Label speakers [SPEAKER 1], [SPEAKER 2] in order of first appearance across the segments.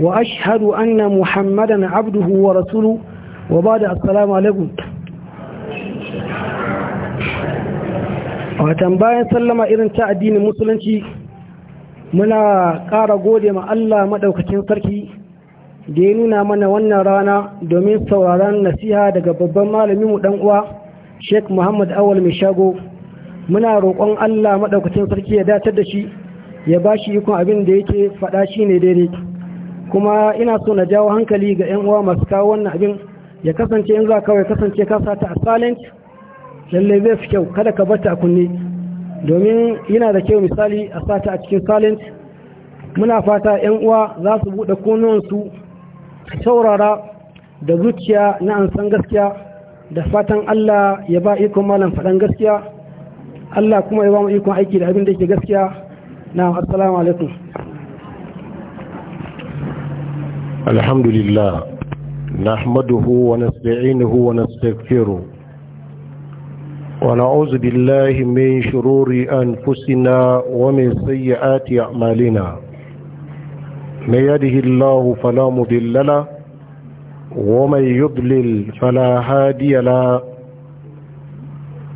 [SPEAKER 1] وأشهد muhammadan محمدا عبده ورسوله وبعد السلام عليكم watan bayan sallama irin ta addinin musulunci muna ƙara gode ma Allah maɗaukacin sarki da ya nuna mana wannan rana domin sauraron nasiha daga babban malaminmu ɗan uwa Sheikh Muhammad Awal mai shago muna roƙon Allah maɗaukacin sarki ya datar da shi ya ba shi ikon abin da yake faɗa shi ne daidai kuma ina so na jawo hankali ga 'yan uwa masu kawo wannan abin ya kasance in za kawai kasance kasa ta a silent lalle zai fi kyau kada ka bata a kunne domin yana da kyau misali a sata a cikin silent muna fata 'yan uwa za su buɗe su saurara da zuciya na an san gaskiya da fatan Allah ya ba ikon malam faɗan gaskiya Allah kuma ya ba mu ikon aiki da abin da yake gaskiya na assalamu alaikum
[SPEAKER 2] الحمد لله نحمده ونستعينه ونستغفره ونعوذ بالله من شرور أنفسنا ومن سيئات أعمالنا من يده الله فلا مضل له ومن يضلل فلا هادي له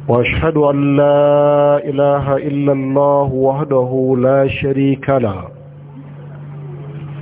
[SPEAKER 2] واشهد أن لا إله إلا الله وحده لا شريك له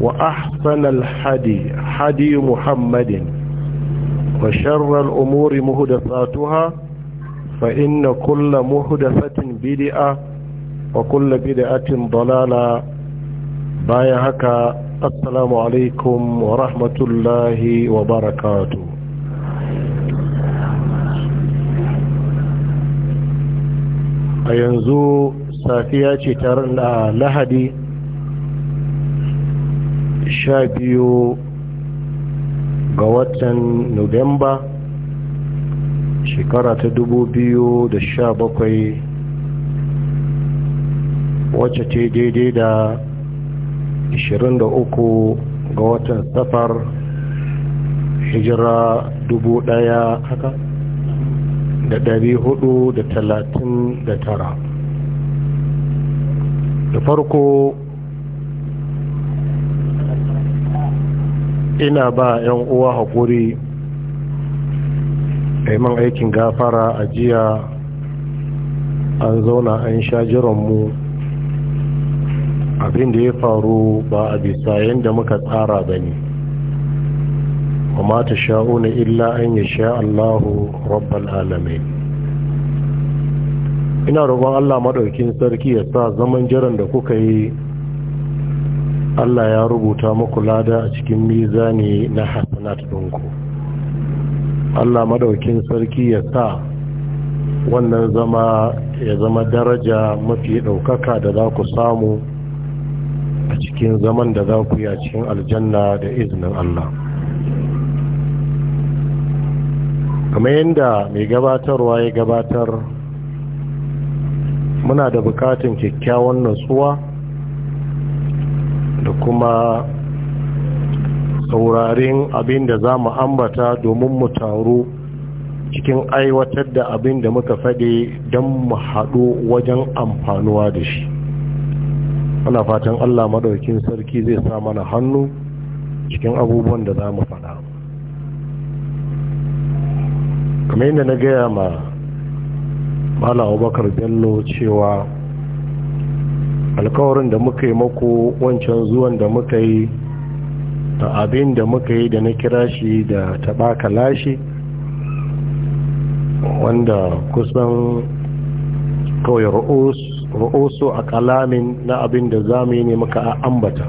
[SPEAKER 2] وأحسن الحدي حدي محمد وشر الأمور مهدفاتها فإن كل مهدفة بدئة وكل بدئة ضلالة بايهك السلام عليكم ورحمة الله وبركاته a yanzu safiya ce tare da lahadi sha biyu ga watan nuwamba shekara ta dubu biyu da sha bakwai wacce ta daidai da uku ga watan safar hijira dubu ɗaya haka da ɗari hudu da talatin da tara da farko ina ba 'yan uwa haƙuri man aikin gafara a jiya an zauna an sha mu abin da ya faru ba a bisa yadda muka tsara ba ne amma ta sha'una illa an ya sha allahu rabbal alamai ina roƙon allah maɗaukin sarki ya sa zaman jiran da kuka yi Allah ya rubuta muku lada a cikin mizani na hasanat ɗinku Allah madaukin sarki ya sa wannan zama ya zama daraja mafi ɗaukaka da za ku samu a cikin zaman da za ku yi a cikin aljanna da izinin Allah kamar yadda mai gabatarwa ya gabatar muna da bukatun kyakkyawan natsuwa da kuma saurarin abin da za mu ambata domin mu taru cikin aiwatar da abin da muka faɗi don mu haɗu wajen amfanuwa da shi ana fatan allah maɗaukin sarki zai sa mana hannu cikin abubuwan da za mu faɗa kamar yadda na gaya ma malawa abubakar bello cewa alkawarin da muka yi mako wancan zuwan da muka yi da abin da muka yi da na kira shi da taɓa shi wanda kusan kawai ru'usu a kalamin na abin da za mu yi ne muka ambata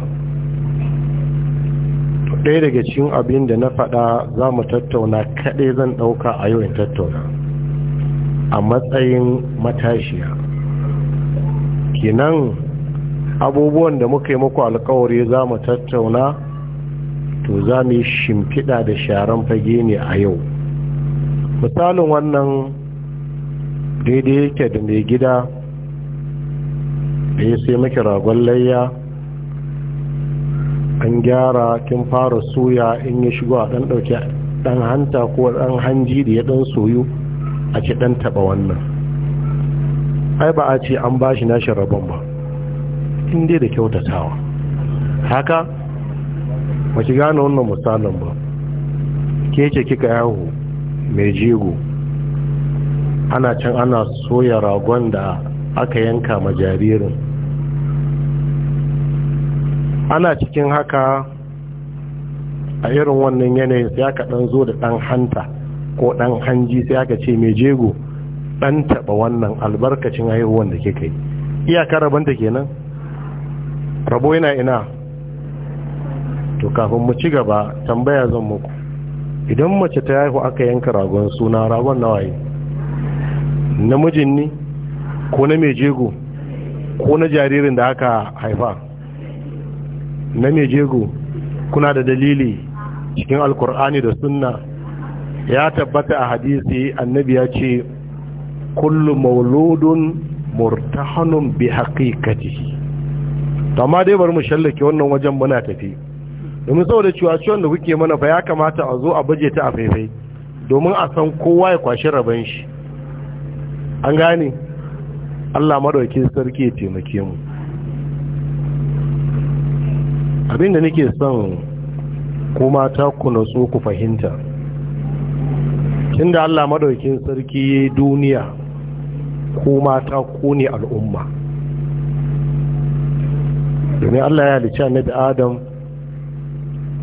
[SPEAKER 2] ɗaya daga cikin abin da na faɗa za mu tattauna kaɗai zan ɗauka a yau in tattauna a matsayin matashiya kinan abubuwan da muka yi muku alkawari za mu tattauna to za mu yi shimfiɗa da sharan fage ne a yau misalin wannan daidai yake da mai gida da ya sai maki ragon layya an gyara kin fara soya in ya shigo a ɗan ɗauki ɗan hanta ko ɗan hanji da ya ɗan soyu a ce ɗan taɓa wannan ai ba a ce an bashi nashi rabon ba in dai da kyautatawa haka ba ki gane wannan misalin ba ke ce kika yahu mai jego ana can ana soya ragon da aka yanka ma jaririn ana cikin haka a irin wannan yanayin sai aka ɗan zo da ɗan hanta ko ɗan hanji sai aka ce mai jego ɗan taɓa wannan albarkacin haihuwan da kika yi iyakar rabanta kenan rabo yana ina to kafin mu ci gaba tambaya zan muku idan mace ta haihu aka yanka ragon suna ragon nawaye namijin ni ko na mai jego ko na jaririn da aka haifa na mai jego kuna da dalili cikin alkur'ani da sunna ya tabbata a hadisi annabi ya ce kullum mauludun murtahanun bi haƙiƙatihi to amma dai bari mu shallake wannan wajen muna tafi domin saboda cewa ciwon da kuke mana fa ya kamata a zo a baje ta a faifai domin a san kowa ya kwashi rabon shi an gane Allah madaukin sarki ya taimake mu abinda nake son kuma ta ku natsu ku fahimta tunda Allah madaukin sarki ya duniya kuma ta ku ne al'umma domin Allah ya halicci annabi Adam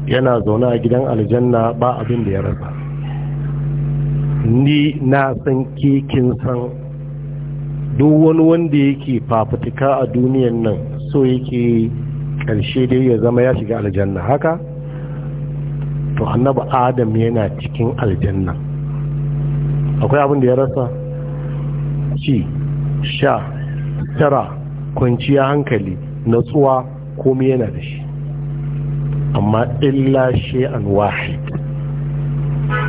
[SPEAKER 2] yana zaune a gidan aljanna ba abin da ya rasa ni na san kekin san duk wani wanda yake fafutuka a duniyan nan so yake karshe dai ya zama ya shiga aljanna haka to annabi adam yana cikin aljanna akwai abin da ya rasa ci sha tara kwanciya hankali natsuwa komai yana da shi amma illa shay'an wahid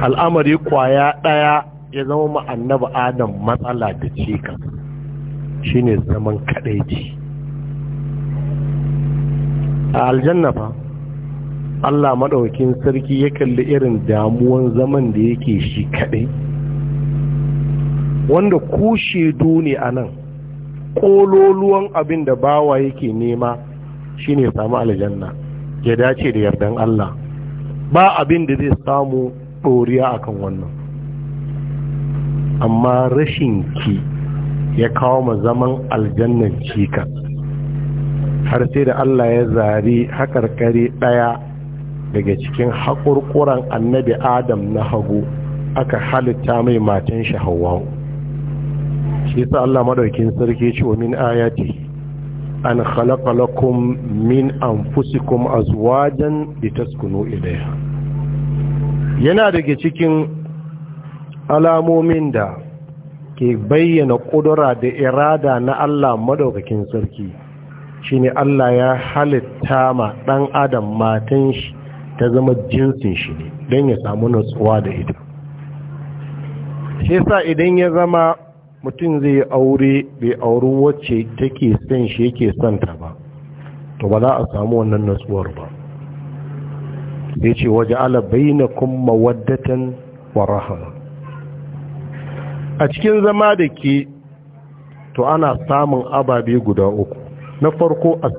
[SPEAKER 2] al'amari kwaya ɗaya ya zama ma annabi adam matsala da cika shine zaman kadaici a aljanna fa Allah maɗaukin sarki ya kalli irin damuwan zaman da yake shi kaɗai, wanda ku shedu ne a nan kololuwan abin da bawa yake nema shine ne samu aljanna ya dace da yardan Allah ba abin da zai samu ɗoriya akan wannan amma rashin ki ya kawo ma zaman aljannan cika har sai da Allah ya zari haƙarƙari ɗaya daga cikin haƙurƙuran annabi adam na hagu aka halitta mai matan shi shi yasa Allah madaukin sarki ce wa min ayati an khalaqa lakum min anfusikum azwajan litaskunu ilayha yana daga cikin alamomin da ke bayyana kudura da irada na Allah madaukakin sarki shine Allah ya halitta ma dan adam matan shi ta zama jinsin shi ne don ya samu nutsuwa da ita shi yasa idan ya zama mutum zai aure bai auri wacce take son shi yake son ta ba to ba za a samu wannan natsuwar ba Ya ce waje ala bainakum mawaddatan wa a cikin zama da ke to ana samun ababe guda uku na farko a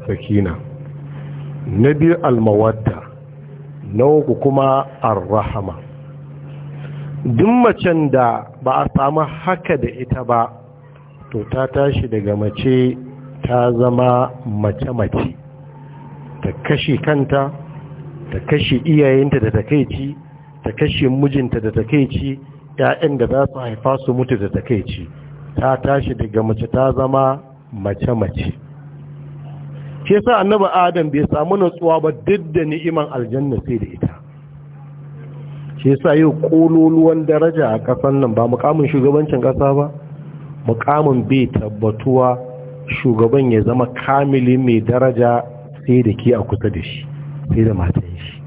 [SPEAKER 2] na biyu almawadda na uku kuma arrahama duk macen da ba a samu haka da ita ba to ta tashi daga mace ta zama mace-mace ta kashe kanta ta kashe iyayenta da takaici ta kashe mijinta da takaici ‘ya'yan da za su haifa su mutu da takaici ta tashi daga mace ta zama mace-mace Ke sa annaba adam bai samu natsuwa ba duk da ni'iman aljanna sai da ita shi yasa yau kololuwan daraja a kasan nan ba mukamin shugabancin ƙasa ba mukamin bai tabbatuwa shugaban ya zama kamili mai daraja sai da ke a kusa da shi sai da matan shi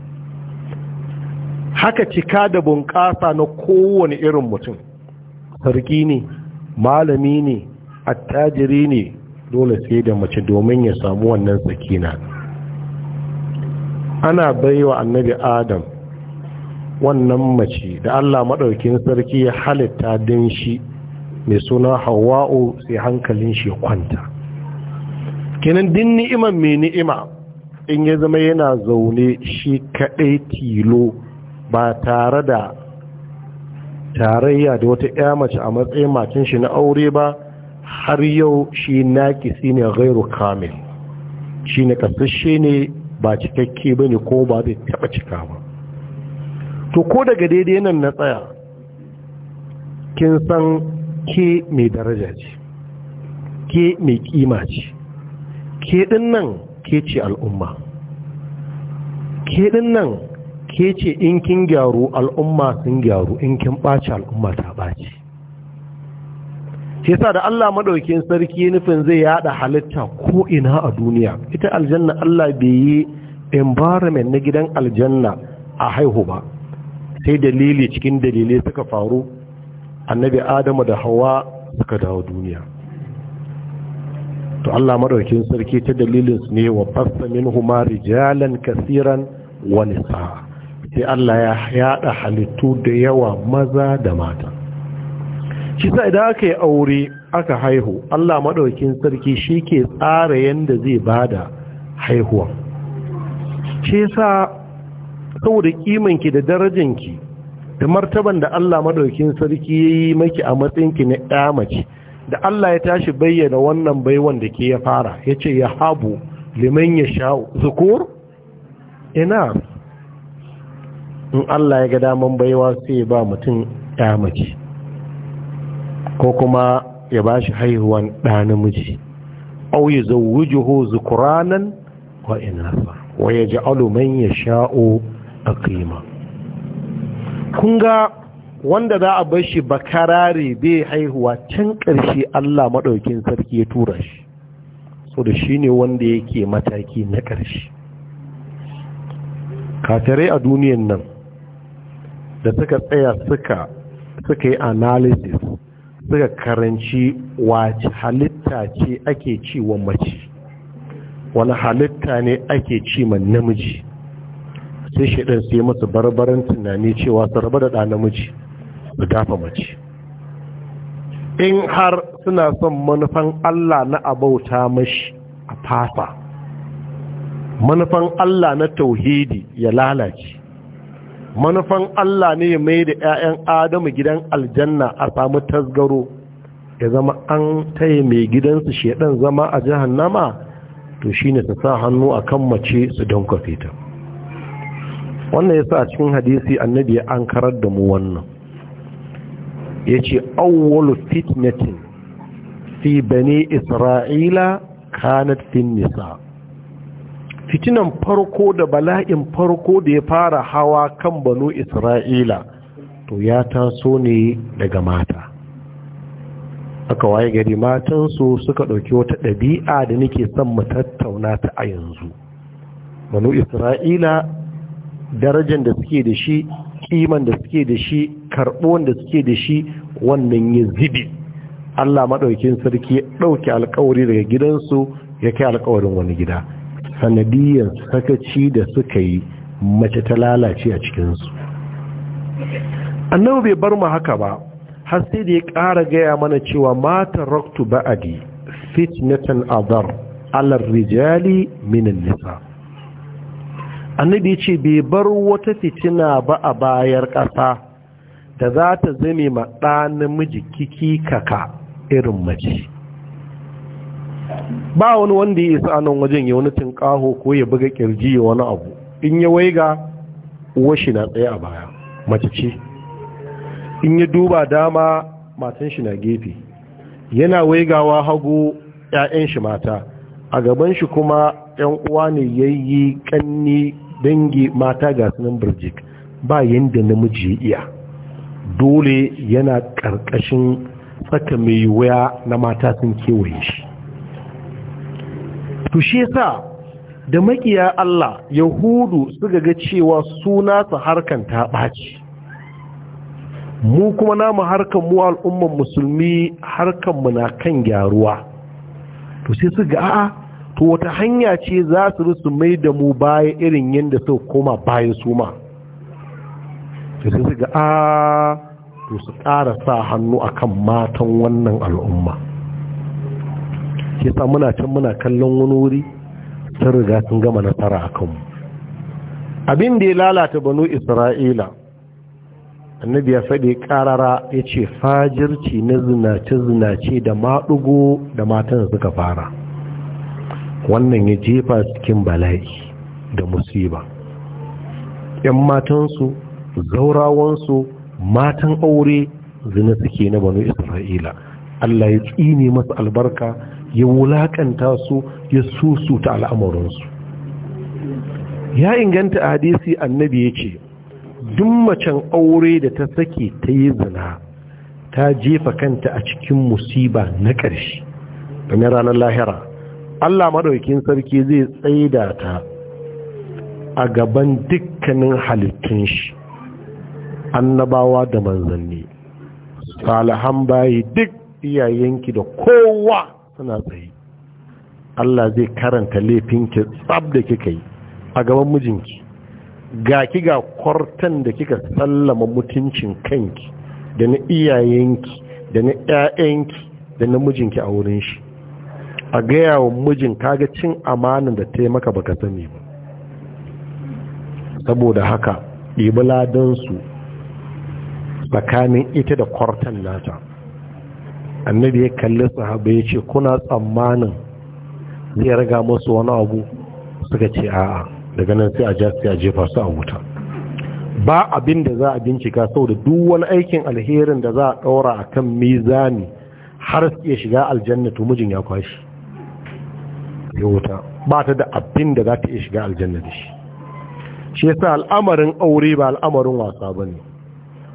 [SPEAKER 2] haka cika da bunƙasa na kowane irin mutum sarki ne malami ne attajiri ne dole sai da mace domin ya samu wannan tsakina ana baiwa annabi adam wannan mace da Allah maɗaukin sarki ya halitta din shi mai suna hawa'u sai hankalin shi kwanta kenan din ni'imar mai ni'ima in ya zama yana zaune shi kaɗai tilo ba tare da tarayya da wata ya mace a matsayin macin shi na aure ba har yau shi naƙisi ne gairu kamil shi ne ƙasashe ne ba cikakke ba ne ko ba zai taɓa cika ba to ko daga daidai nan na tsaya kin san ke mai daraja ce ke mai kima ce ke din nan ke ce al'umma ke din nan ke ce in kin gyaru al'umma sun gyaru in kin ɓaci al'umma ta ɓaci shi da Allah maɗaukin sarki nufin zai yada halitta koina a duniya ita aljanna Allah bai yi environment na gidan aljanna a haihu ba sai dalili cikin dalilai suka faru annabi adamu da hawa suka dawo duniya to Allah madaukin sarki ta dalilinsu ne wa fasta minhuma rijalan kasiran wa nisaa sai Allah ya yada halittu da yawa maza da mata shi sai idan aka yi aure aka haihu Allah madaukin sarki shi ke tsara yanda zai bada haihuwa shi yasa saboda kimanki da darajanki da martaban da Allah madaukin sarki yayi miki a matsayinki na ɗa da Allah ya tashi bayyana wannan baiwan da ke ya fara yace ce ya habu liman ya zukur ina in Allah ya ga daman baiwa sai ba mutum ya ko kuma ya ba shi haihuwan ɗa namiji au ya zukuranan wa ina wa yaj'alu man yasha'u aqima kun ga wanda za a bar shi bakarare bai haihuwa can ƙarshe Allah maɗaukin sarki ya tura shi so da shi ne wanda yake mataki na ƙarshe katare a duniyan nan da suka tsaya suka suka yi analysis suka karanci wace halitta ce ake ci wa mace wani halitta ne ake ci ma namiji sai shaidan sai masu barbaran tunani cewa su raba da ɗa namiji su dafa mace in har suna son manufan Allah na abauta mashi a fasa manufan Allah na tauhidi ya lalace manufan Allah ne mai da 'ya'yan adamu gidan aljanna a samu tasgaro ya zama an taya mai gidansu shaidan zama a jihar nama to shi ne su sa hannu a kan mace su don kwafe wannan ya sa cikin hadisi annabi ya an karar da mu wannan ya ce awwalu fitnatin fi bane isra'ila kanat fin nisa fitinan farko da bala'in farko da ya fara hawa kan banu isra'ila to ya taso ne daga mata aka waye gari matansu suka ɗauki wata ɗabi'a da nake son mu tattauna ta a yanzu banu isra'ila darajar da suke da shi kiman da suke da shi da suke da shi wannan ya zibi Allah maɗaukin sarki ya ɗauki alkawari daga gidansu ya kai alkawarin wani gida sanadiyar sakaci da suka yi mace ta lalace a cikinsu annabi bai bar mu haka ba har sai da ya ƙara gaya mana cewa mata raktu ba'adi fitnatan azar, alar rijali minan nisa annabi ce bai bar wata fitina ba a bayar ƙasa da za ta zame ma ɗa namiji kiki kaka irin mace ba wani wanda ya isa nan wajen ya wani tunƙaho ko ya buga ƙirji ya wani abu in ya waiga washi na tsaye a baya mace ce in ya duba dama matan shi na gefe yana waigawa hagu 'ya'yan shi mata a gaban shi kuma 'yan uwa ne yayi kanni dangi mata ga sunan birjik ba yadda namiji ya iya dole yana ƙarƙashin tsaka mai waya na mata sun kewaye shi to sa da makiya Allah yahudu suka ga cewa suna su harkan ta ɓaci mu kuma namu harkan mu al'umman musulmi harkan mu na kan gyaruwa to sai su ga a'a to wata hanya ce za su rusu mai da mu baya irin yadda su koma bayan su ma su ga a to su ƙara sa hannu akan matan wannan al'umma kisa sa muna can muna kallon wani wuri sun riga sun gama nasara a kanmu abin da ya lalata banu isra'ila annabi ya faɗi ƙarara ya ce fajirci na zinace-zinace da maɗugo da matan suka fara wannan ya jefa cikin bala'i da musiba ‘yan matansu zaurawansu matan aure zina suke na banu isra'ila Allah ya tsini masu albarka ya wulaƙanta su ya ta al'amuransu ya inganta hadisi annabi ya ce duk macen aure da ta sake ta yi zina ta jefa kanta a cikin musiba na ƙarshe na ranar lahira Allah maɗaukin sarki zai tsaida ta a gaban dukkanin halittun shi annabawa da manzanni salihan bayi duk iyayenki da kowa suna tsaye Allah zai karanta laifinki tsab da kika yi a gaban mijinki ga ki ga kwartan da kika sallama mutuncin kanki da na iyayenki da na 'ya'yanki da na mijinki a wurin shi a gaya wa mijin kaga cin amanin da ta yi maka baka sani ba saboda haka ɗibi ladansu tsakanin ita da kwartan nata annabi ya kalli sahaba ya ce kuna tsammanin zai raga masu wani abu suka ce a'a daga nan sai a ja sai a jefa su a wuta ba abin da za a bincika saboda duk wani aikin alherin da za a ɗaura a kan mizani har su iya shiga aljannatu mijin ya kwashi ya wuta ba ta da abin da za ta iya shiga aljanna da shi shi sa al'amarin aure ba al'amarin wasa ba ne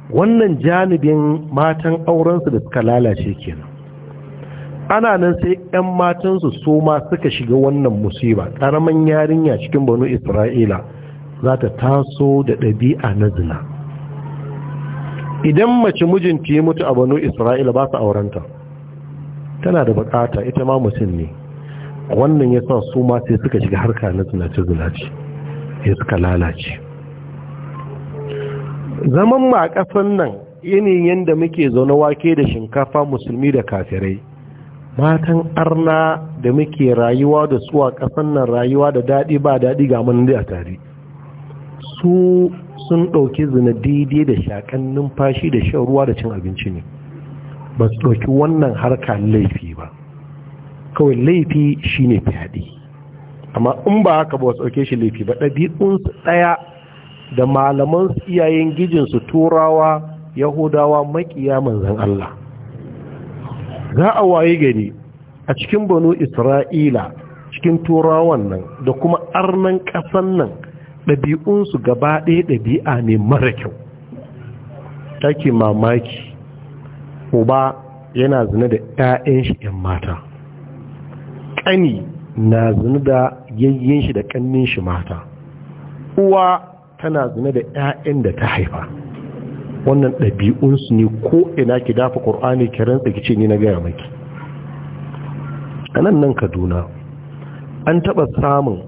[SPEAKER 2] wannan janibin matan aurensu da suka lalace kenan ana nan sai 'yan matansu su ma suka shiga wannan musiba ƙaramin yarinya cikin banu isra'ila za ta taso da ɗabi'a na zina idan mace mijinta ya mutu a banu isra'ila ba su aurenta tana da bukata ita ma mutum ne wannan ya sa su ma sai suka shiga harka na zinace-zinace sai suka lalace zaman ma a ƙasar nan yanayin yadda muke zaune wake da shinkafa musulmi da kafirai matan arna da muke rayuwa da su a ƙasar nan rayuwa da daɗi ba daɗi ga mun a tare su sun ɗauki zina daidai da shaƙan numfashi da shan ruwa da cin abinci ne ba su ɗauki wannan harka laifi ba kawai laifi shi ne fyaɗe amma in ba haka ba tsauke shi laifi ba ɗabi'unsu ɗaya da malaman iyayen gijinsu turawa yahudawa maƙiya manzan Allah za a waye gani a cikin banu isra'ila cikin turawan nan da kuma arnan ƙasan nan ɗabi'unsu gaba ɗaya ɗabi'a ne mara kyau take mamaki uba yana zina da 'ya'yan shi 'yan mata ƙani na zina da yayyen shi da ƙannin shi mata uwa tana zina da 'ya'yan da ta haifa wannan ɗabi'unsu ne ko ina ki dafa ƙur'ani ki rantsa ki ce ni na gaya maki a nan nan kaduna an taɓa samun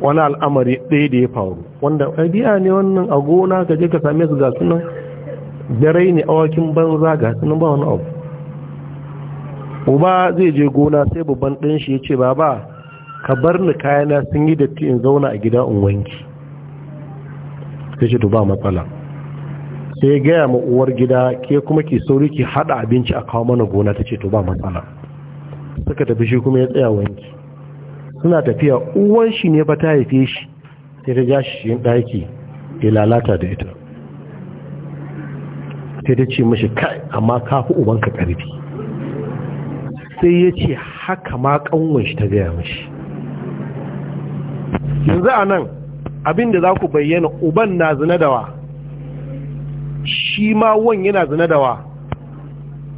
[SPEAKER 2] wani al'amari ɗaya da ya faru wanda ɗabi'a ne wannan a gona ka ka same su ga sunan dare ne awakin banza ga sunan ba wani abu uba zai je gona sai babban ɗan shi ya ce baba ka bar ni kayana sun yi datti in zauna a gida in wanki sai ce to ba matsala sai ya gaya ma uwar gida ke kuma ke sauri ki haɗa abinci a kawo mana gona ta ce to ba matsala suka tafi shi kuma ya tsaya wanki suna tafiya uwan shi ne ba ta haife shi sai ta ja shi ɗaki ya lalata da ita sai ta ce mashi kai amma ka fi ubanka ƙarfi sai ya ce haka ma kanwan ta gaya mashi yanzu a nan abinda za ku bayyana uban na zina dawa shi ma wan yana zina dawa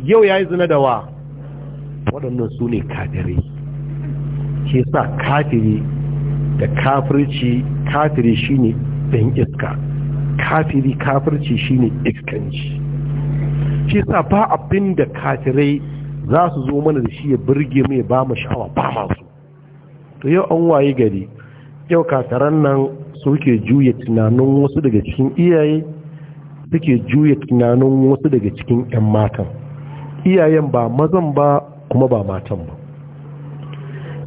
[SPEAKER 2] yau ya yi zina dawa waɗannan su ne ke sa kafiri da kafirci kafiri shine ɗan iska kafiri kafirci shine iskanci Ke sa ba abin da kafirai za su zo mana da shi ya burge mu ya ba mu sha'awa ba masu to yau an waye gari yau kakaran nan suke juya tunanin wasu daga cikin iyaye suke juya tunanin wasu daga cikin 'yan matan iyayen ba mazan ba kuma ba matan ba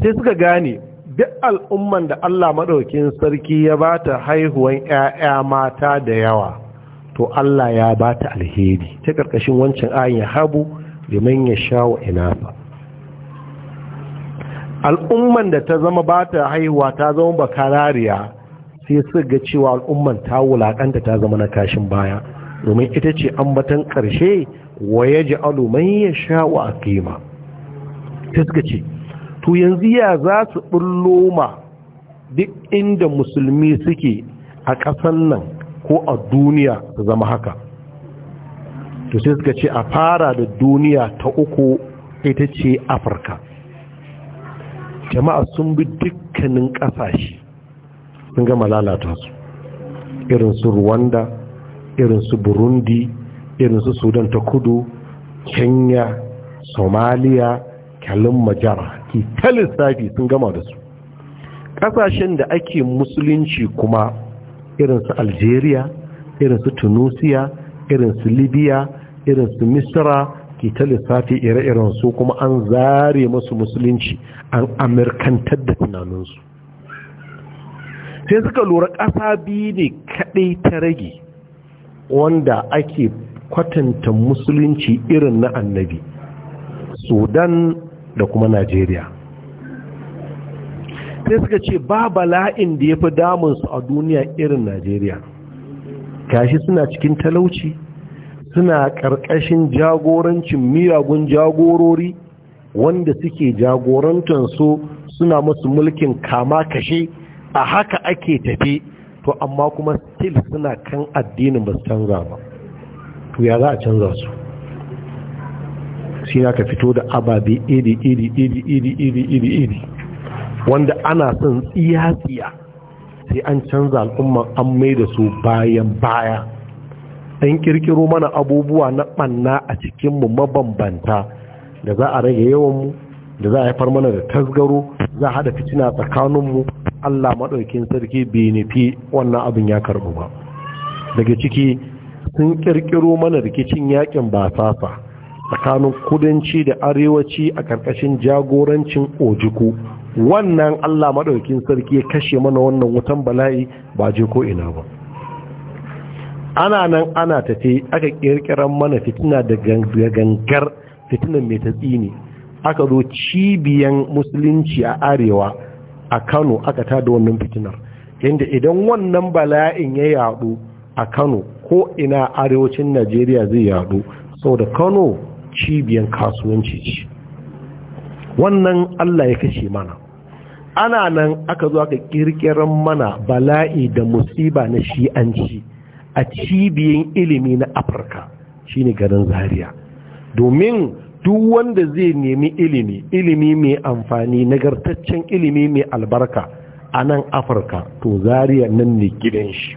[SPEAKER 2] sai suka gane duk al'umman da Allah maɗaukin sarki ya ba ta haihuwan 'ya'ya mata da yawa to Allah ya ba ta alheri ta ƙarƙashin wancan ayin habu liman ya sha wa inafa al'umman da ta zama ba ta haihuwa ta zama bakarariya sai su ga cewa al'umman ta wulaƙanta ta zama na kashin baya domin ita ce ambatan ƙarshe wa ya ji alumai ya sha wa a kima ta suka ce to yanzu ya za su ɓullo ma duk inda musulmi suke a ƙasan nan ko a duniya su zama haka to sai suka ce a fara da duniya ta uku ita ce afirka jama'a sun bi dukkanin ƙasashe sun gama lalata su irin su rwanda irin su burundi irin su sudan ta kudu kenya somaliya kalin majara ki lissafi sun gama da su ƙasashen da ake musulunci kuma irin su algeria irin su tunisia irin su libya irin su Misira ke ta lissafi ire-iren su kuma an zare masu musulunci an amurkantar da tunaninsu sai suka lura ƙasa biyu ne kaɗai ta rage wanda ake kwatanta musulunci irin na annabi sudan da kuma najeriya sai suka ce ba bala'in da ya fi damunsu a duniya irin najeriya gashi suna cikin talauci suna ƙarƙashin jagorancin miyagun jagorori wanda suke su suna musu mulkin kama kashe a haka ake tafi to amma kuma still suna kan addinin ba su canza ba to ya za a canza su shi ka fito da ababe iri iri iri iri iri iri iri wanda ana son tsiya tsiya sai an canza al'umman an mai da su bayan baya an kirkiro mana abubuwa na ɓanna a cikinmu mabambanta da za a rage yawanmu da za a haifar mana da tasgaro za a haɗa fitina tsakaninmu allah maɗaukin sarki bai wannan abin ya karɓu ba daga ciki sun kirkiro mana rikicin yakin basasa tsakanin kudanci da arewaci a ƙarƙashin jagorancin ojiku wannan allah maɗaukin sarki ya kashe mana wannan wutan bala'i ba je ko ina ba ana nan ana tafi aka kirkiran mana fitina da gangar fitinan mai tatsi ne aka zo cibiyan musulunci a arewa a kano aka tada wannan fitinar yadda idan wannan bala'in ya yadu a kano ko ina arewacin najeriya zai yadu sau da kano cibiyan kasuwanci ce wannan allah ya kashe mana ana nan aka zo aka kirkiran mana bala'i da musiba na shi'anci a cibiyan ilimi na afirka shine garin Zariya domin duk wanda zai nemi ilimi ilimi mai amfani nagartaccen ilimi mai albarka a nan afirka to Zariya nan ne gidan shi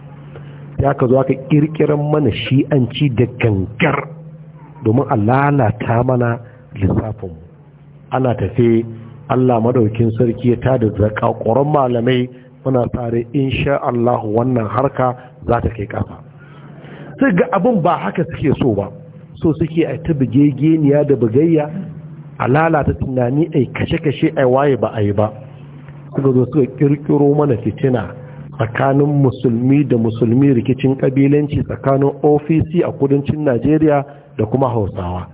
[SPEAKER 2] ya ka zo aka kirkiran mana shi'anci da gangar domin a lalata mana lissafinmu ana tafe allah madaukin sarki ya tada zakakuran malamai muna tare insha allahu wannan harka za ta kai ƙafa. sai ga abin ba haka suke so ba so suke a ta bugegeniya da bugayya a lalata tunani a kashe-kashe a waye ba a yi ba suka zo suka kirkiro mana fitina tsakanin musulmi da musulmi rikicin kabilanci tsakanin ofisi a kudancin najeriya da kuma hausawa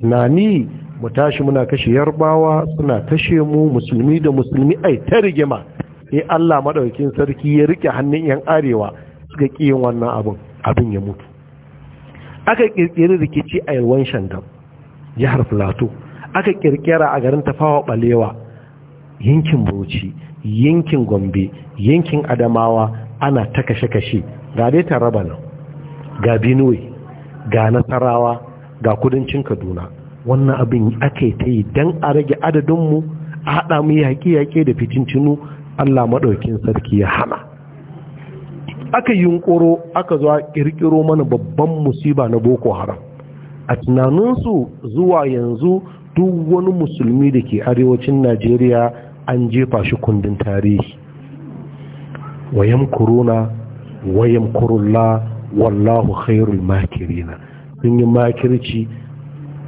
[SPEAKER 2] tunani mu tashi muna kashe yarbawa suna kashe mu musulmi da musulmi ai ta rigima sai allah maɗaukin sarki ya rike hannun yan arewa suka ƙi yin wannan abin abin ya mutu aka kirkiri rikici a yalwan shandam jihar Filato aka kirkira a garin tafawa balewa yankin bauchi yankin gombe yankin adamawa ana ta kashe-kashe ga dai taraba nan ga benue ga nasarawa ga kudancin kaduna wannan abin aka yi ta yi don a rage adadinmu a haɗa mu yaƙi-yaƙi da cinu, allah maɗaukin sarki ya hana aka yunkuro aka zuwa kirkiro mana babban musiba na boko haram a tunaninsu zuwa yanzu duk wani musulmi da ke arewacin najeriya an jefa shi kundin tarihi wayan kuruna wayan kurulla wallahu khairul makirina sun yi makirci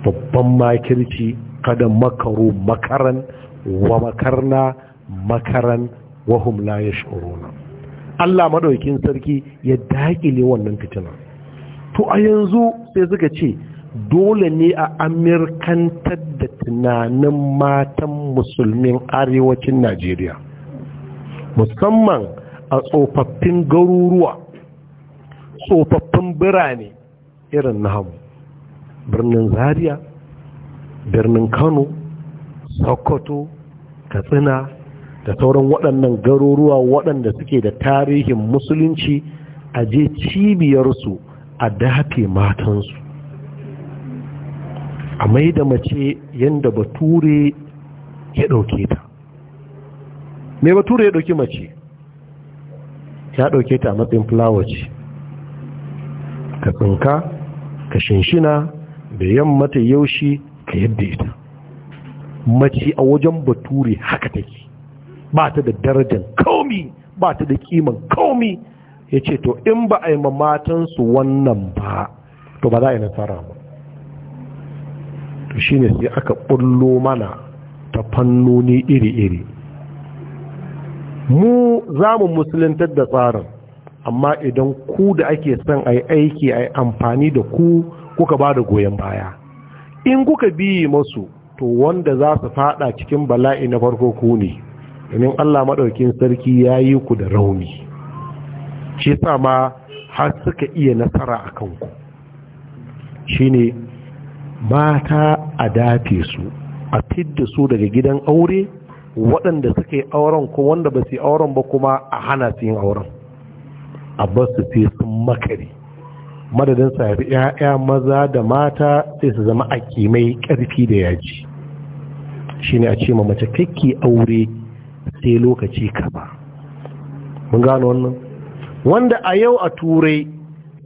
[SPEAKER 2] babban makirci kada makaru makaran wa makarna makaran wahum la yash'uruna Allah maɗaukin sarki ya dakile wannan fitina to a yanzu sai suka ce dole ne a amirkantar da tunanin matan musulmin arewacin Najeriya musamman a tsofaffin garuruwa tsofaffin birane irin na hamu birnin zaria birnin kano sokoto katsina da sauran waɗannan garuruwa waɗanda suke da tarihin musulunci a je cibiyarsu a dafe matansu a mai da mace yadda bature ya ɗauke ta mai bature ya ɗauki mace ya ɗauke ta a matsayin fulawa ce ka tsinka ka shinshina da yamma ta yaushi ka yadda ita mace a wajen bature haka take ba ta da darajar kaumi ba ta da kiman kaumi ya ce to in ba a yi mamatansu wannan ba to ba za a yi nasara ba to shi ne sai aka ɓullo mana ta fannoni iri-iri mu za mu musuluntar da tsarin amma idan ku da ake son a yi aiki a yi amfani da ku kuka ba da goyon baya in kuka biyi masu to wanda za su fada cikin bala'i na farko ku ne domin Allah maɗaukin sarki ya yi ku da rauni shi sa ma har suka iya nasara a kanku shi ne mata a dafe su a fidda su daga gidan aure waɗanda suka yi auren ko wanda ba su yi auren ba kuma a hana su yin auren a ba su fi sun makare madadin su 'ya'ya maza da mata sai su zama a kimai ƙarfi da yaji shi ne a ce ma mace kakki aure sai lokaci kaza mun gano wannan wanda a yau a turai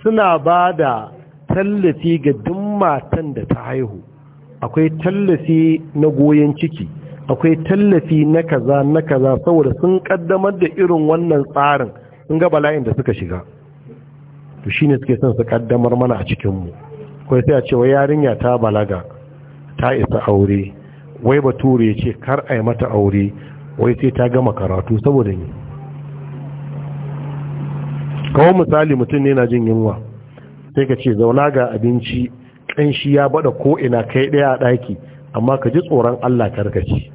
[SPEAKER 2] suna ba da tallafi ga duk matan da ta haihu akwai tallafi na goyon ciki akwai tallafi na kaza na kaza saboda sun kaddamar da irin wannan tsarin sun ga bala'in da suka shiga to shine suke son su kaddamar mana a cikin mu kai sai a ce wai yarinya ta balaga ta isa aure wai bature ya ce kar a yi mata aure wai sai ta gama karatu saboda ne kawo misali mutum ne na jin yunwa sai ka ce zauna ga abinci ƙanshi ya bada ko'ina kai ɗaya a ɗaki amma ka ji tsoron allah karkaci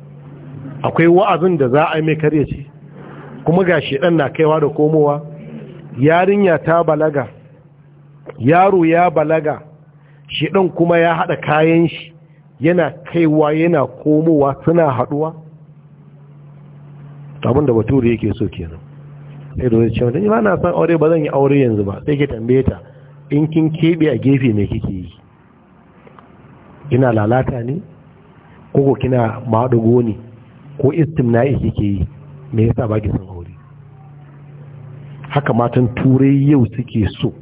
[SPEAKER 2] akwai wa'azin da za a yi mai karye ce kuma ga ɗan na kaiwa da komowa yarinya ta balaga yaro ya balaga shedan kuma ya haɗa kayan shi yana kaiwa yana komowa suna haɗuwa? abin da bature yake so kenan sai da zai ce wata ba na san aure ba zan yi aure yanzu ba sai ke tambaye ta in kin keɓe a gefe mai kike yi ina lalata ne ko kina maɗugo ne ko istimna'i kike yi me yasa ki son aure haka matan turai yau suke so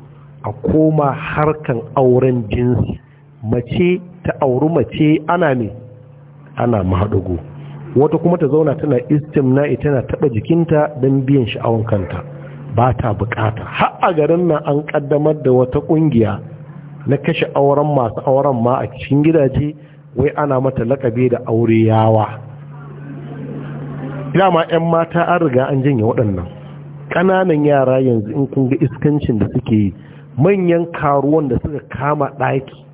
[SPEAKER 2] a koma harkan auren jinsi mace ta auri mace ana ne ana maɗugo wata kuma ta zauna tana istimna'i tana taba jikinta don biyan sha'awan kanta ba ta bukata har a garin nan an kaddamar da wata kungiya na kashe auren masu auren ma a cikin gidaje wai ana mata lakabe da aure yawa dama 'yan mata an riga an janye waɗannan ƙananan yara yanzu in kun ga iskancin da suke yi manyan karuwan da suka kama ɗaki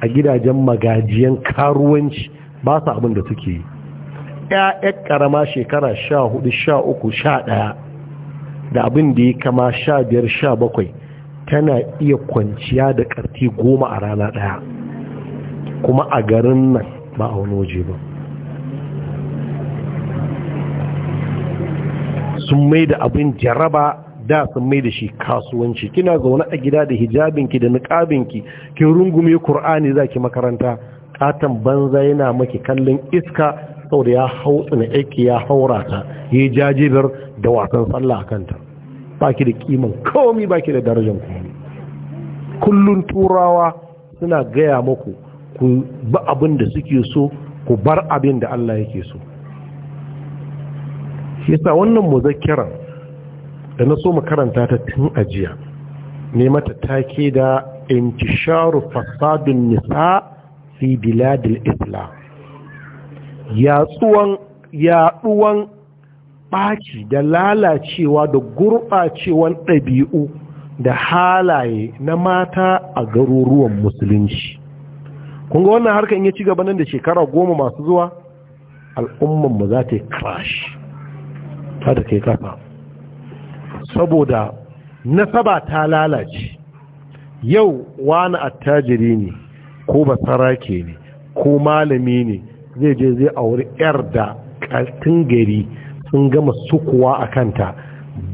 [SPEAKER 2] a gidajen magajiyan karuwanci ba su abin da suke yi ƴaƴa ƙarama shekara sha hudu sha uku sha ɗaya da abin da ya kama sha biyar sha bakwai tana iya kwanciya da karti goma a rana ɗaya kuma a garin nan ba a wani waje ba sun mai da abin jaraba da sun mai da shi kasuwanci kina zaune a gida da hijabinki da niƙabinki kin rungume qur'ani zaki makaranta katon banza yana maki kallon iska saboda ya hau tsina aiki ya haura ta ya yi jajibir da wasan sallah a kanta ba ki da kiman komi ba ki da darajan komi Kullum turawa suna gaya muku ku ba abin da suke so ku bar abin da Allah yake so yasa wannan muzakkiran da na so mu karanta ta tun ajiya ne mata take da intisharu fasadun nisa fi biladil islam yaɗuwan ɓaci da lalacewa da gurɓacewan ɗabi'u da halaye na mata a garuruwan musulunci Kun ga wannan harkar ya ci gaba nan da shekara goma masu zuwa al'ummanmu za ta yi crash ta da kai kafa saboda nasaba ta lalace yau wani attajiri ne ko basarake ne ko malami ne zai je zai auri yar da kaltin gari sun gama sukuwa a kanta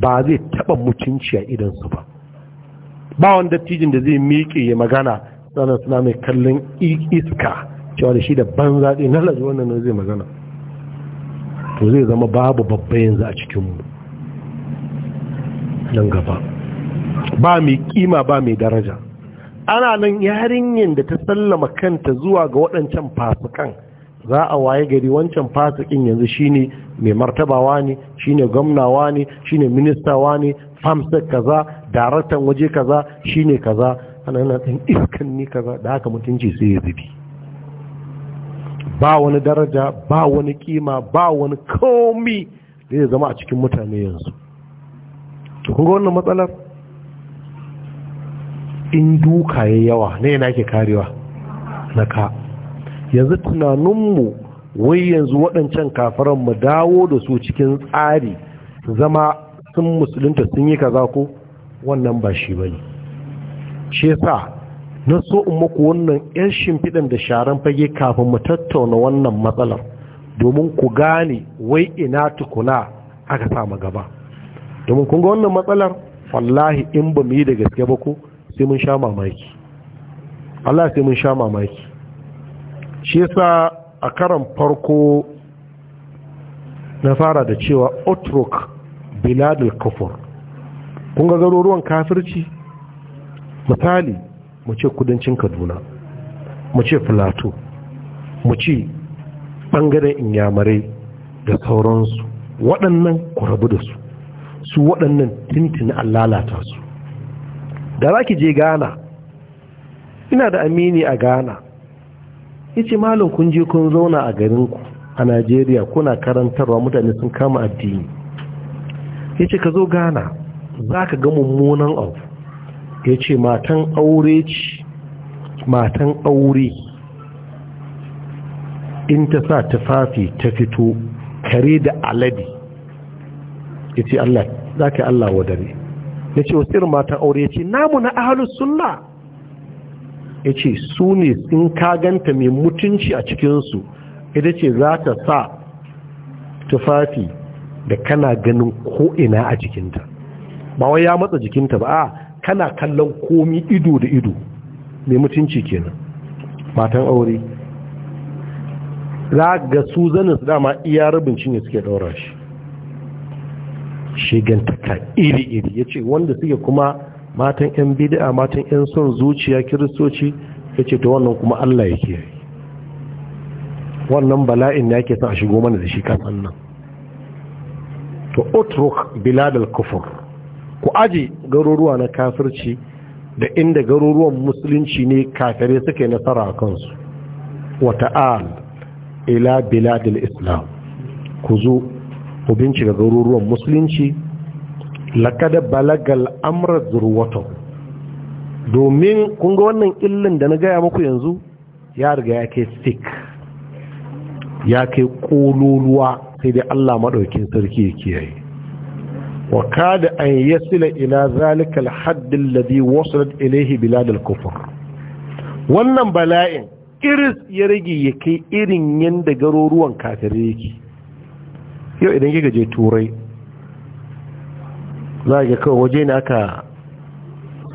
[SPEAKER 2] ba zai taba mutunci a idansu ba ba wanda tijin da zai miƙe ya magana sannan suna mai kallon iska cewa da shi da ban zaɗe na lalaji wannan zai magana to zai zama babu babba yanzu a cikinmu nan gaba ba mai kima ba mai daraja ana nan yarinyar da ta sallama kanta zuwa ga waɗancan fasikan za a waye gari wancan fasikin yanzu shine mai martabawa ne shine gwamnawa ne shine ministawa ne famsek kaza daraktan waje kaza shine kaza ana yana iskan ni kaza da haka mutunci sai ya zubi ba wani daraja ba wani kima ba wani komi da ya zama a cikin mutane yanzu kun matsalar in duka ya yawa ne yana ke karewa na ka yanzu tunaninmu wai yanzu waɗancan kafaran mu dawo da su cikin tsari zama sun musulunta sun yi kaza ko wannan ba shi ba bane shi yasa na so in muku wannan yan shimfiɗan da sharan fage kafin mu tattauna wannan matsalar domin ku gane wai ina tukuna aka samu gaba domin kun ga wannan matsalar wallahi in ba mu yi da gaske ba ko sai mun sha mamaki shi yasa a karan farko na fara da cewa otrok biladul kufur kun ga garuruwan kafirci misali mu ce kudancin kaduna mu ce filato mu ce ɓangaren inyamare da sauransu waɗannan ku rabu da su su waɗannan tintini an lalata su da za ki je ghana ina da amini a ghana yace malam kun je kun zauna a garin ku a Najeriya kuna karantarwa mutane sun kama addini yace ka zo Ghana zaka ga mummunan abu yace matan aure ce matan aure in ta sa tufafi ta fito kare da alade yace Allah zaka Allah wadare yace wasu irin matan aure yace namu na ahlus sunna ya ce su ne sun kaganta mai mutunci a cikinsu ita ce za ta sa tufafi da kana ganin ko'ina a jikinta ba wai ya matsa jikinta ba a kana kallon komi ido da ido mai mutunci kenan matan aure za ga su zanen su dama iya rabin cinye suke daura shi shiganta ka iri-iri ya ce wanda suke kuma matan yan bid'a matan yan son zuciya kiristoci ce to wannan kuma Allah ya yi wannan bala'in ya ke son a shigo mana da shi kasan nan to utruk Biladal kufur ku aji garuruwa na kafirci da inda garuruwan musulunci ne kafirai suke nasara a kansu Wata'al al ila Biladal islam ku zo ku bincika garuruwan musulunci laƙada balagal amra zurwata domin kunga wannan illin da na gaya muku yanzu ya riga ya kai sik ya kai ƙololuwa sai dai allah maɗaukin sarki ya kiyaye wa kada an yasila ila zalikal haddin ladi wasu ilaihi biladar kufur wannan bala'in iris ya rage ya kai irin yadda garuruwan kafirai yake yau idan kika je turai za a ga kawai waje ne aka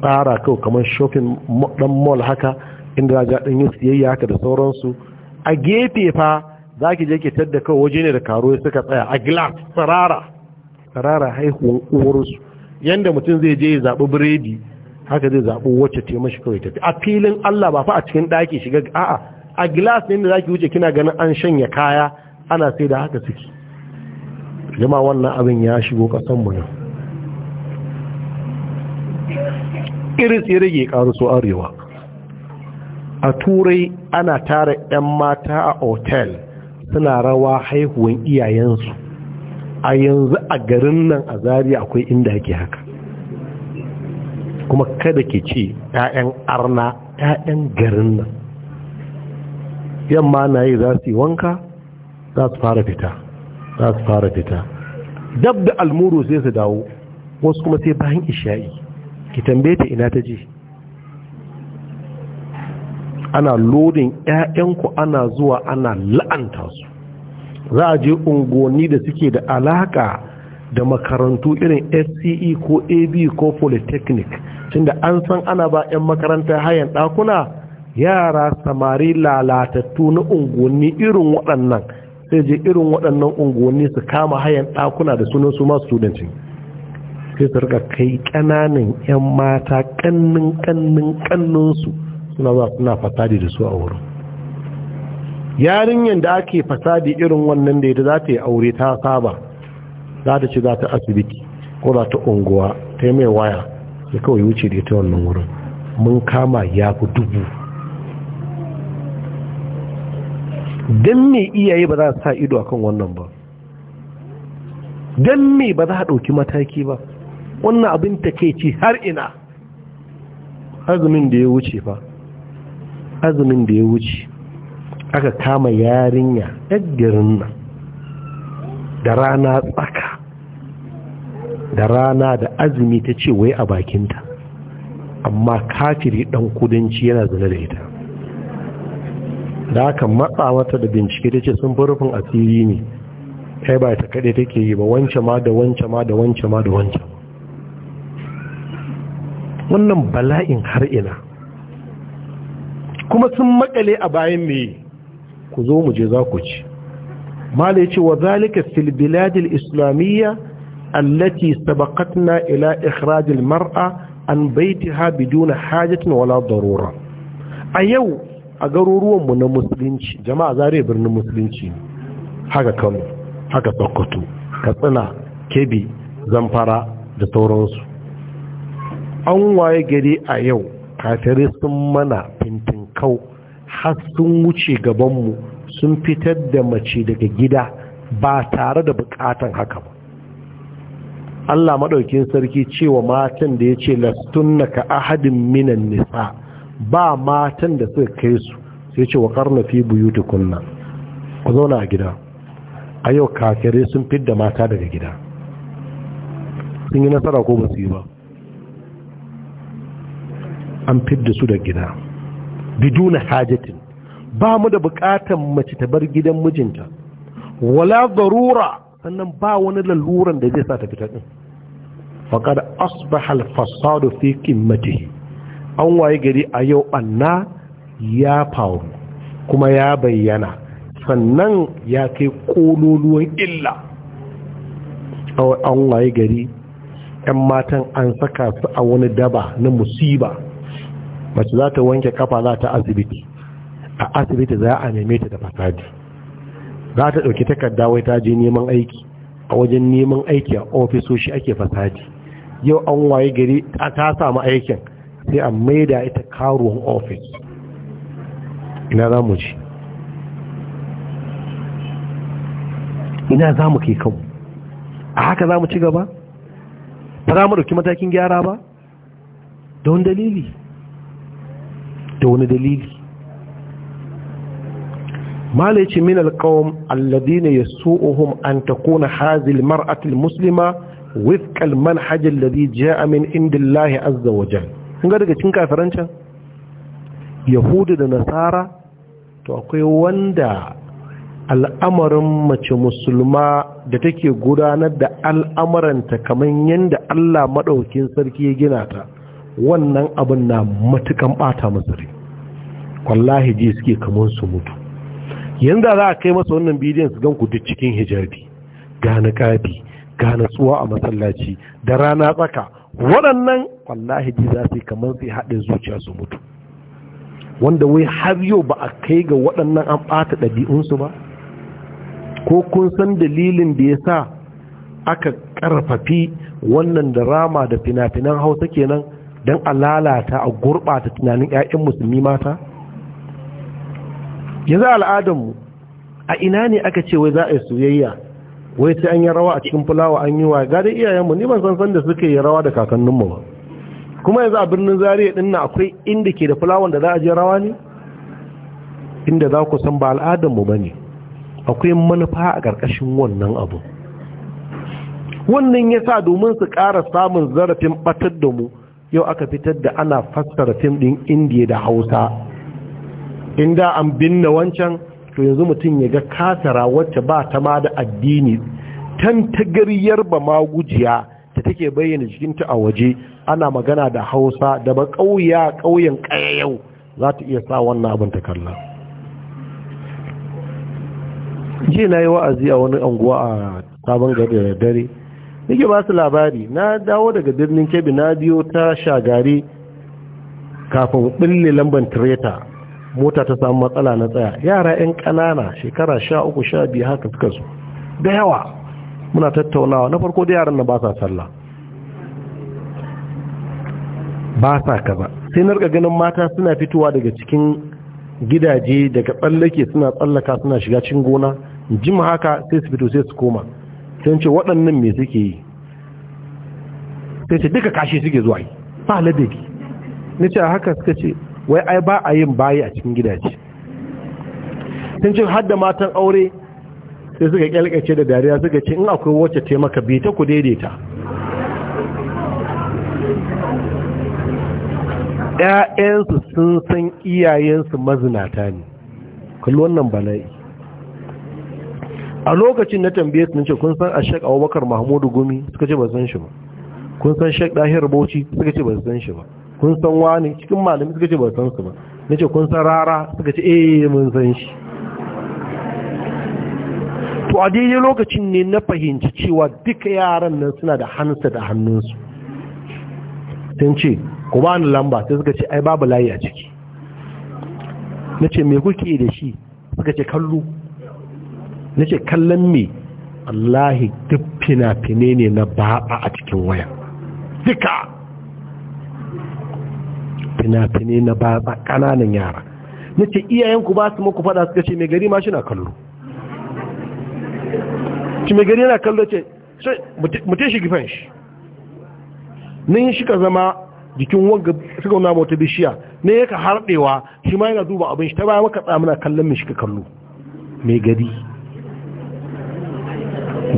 [SPEAKER 2] tsara kawai kamar shopping dan mall haka inda za ga dan yi siyayya haka da sauransu a gefe fa za ki je ki tadda kawai waje ne da karo suka tsaya a glass tsarara tsarara haihuwan uwarsu yadda mutum zai je ya zaɓi biredi haka zai zaɓi wacce ta mashi kawai tafi a filin Allah ba fa a cikin ɗaki shiga a'a a glass ne da za ki wuce kina ganin an shanya kaya ana sai da haka suke jama wannan abin ya shigo kasan mu yau irin ya rage su arewa a turai ana tara 'yan mata a otel suna rawa haihuwan iyayensu a yanzu a garin nan a zari akwai inda ake haka kuma kada ke ce 'ya'yan arna 'ya'yan garin nan yamma na yi za su yi wanka za su fara fita za su fara fita dab da almuru sai su dawo wasu kuma sai bayan isha'i ki tambaye ta ina ta je ana lodin 'ya'yanku ana zuwa ana la'anta su za a je unguwanni da suke da alaƙa da makarantu irin sce ko ab ko polytechnic tunda an san ana ba 'yan makaranta hayan ɗakuna yara samari lalatattu na unguwanni irin waɗannan sai je irin waɗannan unguwanni su kama hayan ɗakuna da sunan su ma sai su kai kananan 'yan mata kannin kannin su suna zuwa suna fasadi da su a wurin yarinyar da ake fasadi irin wannan da ita za ta yi aure ta saba za ta ci za ta asibiti ko za ta unguwa ta yi mai waya sai kawai wuce da ita wannan wurin mun kama ya ku dubu don me iyaye ba za ta sa ido akan wannan ba don me ba za a ɗauki mataki ba wannan abin ci har ina azumin da ya wuce fa azumin da ya wuce aka kama yarinya ɗaggirin nan da rana tsaka da rana da azumi ta ce wai a bakinta amma kafiri ɗan kudanci yana zane da ita da aka matsa mata da bincike ta ce sun fi asiri ne kai ba ta kaɗe take yi ba wance ma da wance ma da wance ma da wance wannan bala'in har ina kuma sun makale a bayan me ku zo mu je za ku ci mala yace wa zalika fil bilad al islamiyya allati sabaqatna ila ikhraj mar'a an baitiha biduna hajatin wala darura a yau a garuruwan mu na musulunci jama'a zare birnin musulunci haka Kano haka Sokoto Katsina Kebbi Zamfara da sauransu an waye gari a yau kafirai sun mana fintin kau har sun wuce gabanmu sun fitar da mace daga gida ba tare da bukatan haka ba Allah maɗaukin sarki cewa matan da ya ce lastunna ka ahadin minan nisa ba matan da suka kai su sai ce wa karna fi kunna. ku zauna a gida a yau kafirai sun da mata daga gida sun yi nasara ko ba su yi ba an fidda su da gida biduna hajatin ba mu da bukatan mace ta bar gidan mijinta wala zarura sannan ba wani laluran da zai sa ta fita din faqad asbaha al-fasadu fi qimmatihi an waye gari a yau anna ya faru kuma ya bayyana sannan ya kai kololuwan illa an waye gari 'yan matan an saka su a wani daba na musiba mace za ta wanke kafa za ta asibiti a asibiti za a neme ta da fasadi za ta ɗauki takarda wai ta je neman aiki a wajen neman aiki a ofisoshi ake fasadi yau an waye gari ta samu aikin sai a maida ita karuwan ofis ina za mu ci ina za mu ke kanmu a haka za mu ci gaba ba za mu ɗauki matakin gyara ba don dalili da wani dalili malaci min alqawm alladhina yasu'uhum an takuna hadhihi almar'atu almuslima wifqa almanhaj alladhi ja'a min indillahi azza wa jalla ga daga cikin kafiran can yahudu da nasara to akwai wanda al'amarin mace musulma da take gudanar da al'amuranta kamar yadda Allah maɗaukin sarki ya gina ta wannan abin na matukan ɓata masari wallahi ji suke kamar su mutu yanzu za a kai masa wannan bidiyon su gan ku duk cikin hijabi Gane na gane tsuwa a masallaci da rana tsaka waɗannan wallahi ji za su yi kamar su haɗin zuciya su mutu wanda wai har yau ba a kai ga waɗannan an ɓata ɗabi'unsu ba ko kun san dalilin da ya sa aka ƙarfafi wannan rama da fina-finan hausa kenan don a lalata a gurɓata tunanin 'ya'yan musulmi mata? yanzu mu a ina ne aka ce wai za a yi soyayya wai sai an yi rawa a cikin fulawa an yi wa gada iyayenmu ni ban san san da suka yi rawa da kakanninmu ba kuma yanzu a birnin zariya din na akwai inda ke da fulawan da za a je rawa ne inda za ku san ba al'adarmu ba ne akwai manufa a ƙarƙashin wannan abu wannan ya sa domin su ƙara samun zarafin ɓatar da mu yau aka fitar da ana fassara fim ɗin indiya da hausa in da an binne wancan to yanzu mutum ya ga kasara wacce ba ta ma da addini tan tagariyar ba ma gujiya da take bayyana jikinta a waje ana magana da hausa da ba ƙauya ƙauyen ƙayayau za ta iya sa wannan abin ta kalla ji na yi wa'azi a wani anguwa a sabon gari da dare nake ba su labari na dawo daga birnin kebbi na biyo ta shagari kafin ɓille lambar tireta mota ta samu matsala na tsaya yara 'yan kanana shekara sha uku sha biyu haka suka su da yawa muna tattaunawa na farko da yaran na ba sa sallah ba sa kaza sai na ganin mata suna fitowa daga cikin gidaje daga tsallake suna tsallaka suna shiga cin gona jima haka sai su fito sai su koma sai ce waɗannan me suke yi sai ce duka kashi suke zuwa yi ba ladabi na ce haka suka ce wai ai ba a yin bayi a cikin gidaje sun ce har da matan aure sai suka kyalkace da dariya suka ce in akwai wacce taimaka bi ta ku daidaita ‘ya'yansu sun san iyayensu mazinata ne kalli wannan bala'i a lokacin na tambaye su ce kun san a shek abubakar mahmudu gumi suka ce ba san shi ba kun san shek ɗahiyar bauchi suka ce ba san shi ba kun san wani cikin malami suka ce ba san su ba na ce kun san rara suka ce eh mun san shi to a daidai lokacin ne na fahimci cewa duka yaran nan suna da hansa da hannunsu sun ce ku ba ni lamba sai suka ce ai babu layi a ciki na ce me kuke da shi suka ce kallo na ce kallon me Allahi duk fina-fine ne na ba a cikin waya duka fina-finai na ba ƙananan yara na ce iyayenku ba su muku faɗa suka ce mai gari ma shi na kallo ci mai gari yana kallo ce mutum shi gifan shi nan shi ka zama jikin wanga suka wuna mota bishiya ne ya ka harɗewa shi ma yana duba abin shi ta baya maka tsamuna kallon mai shi ka kallo mai gari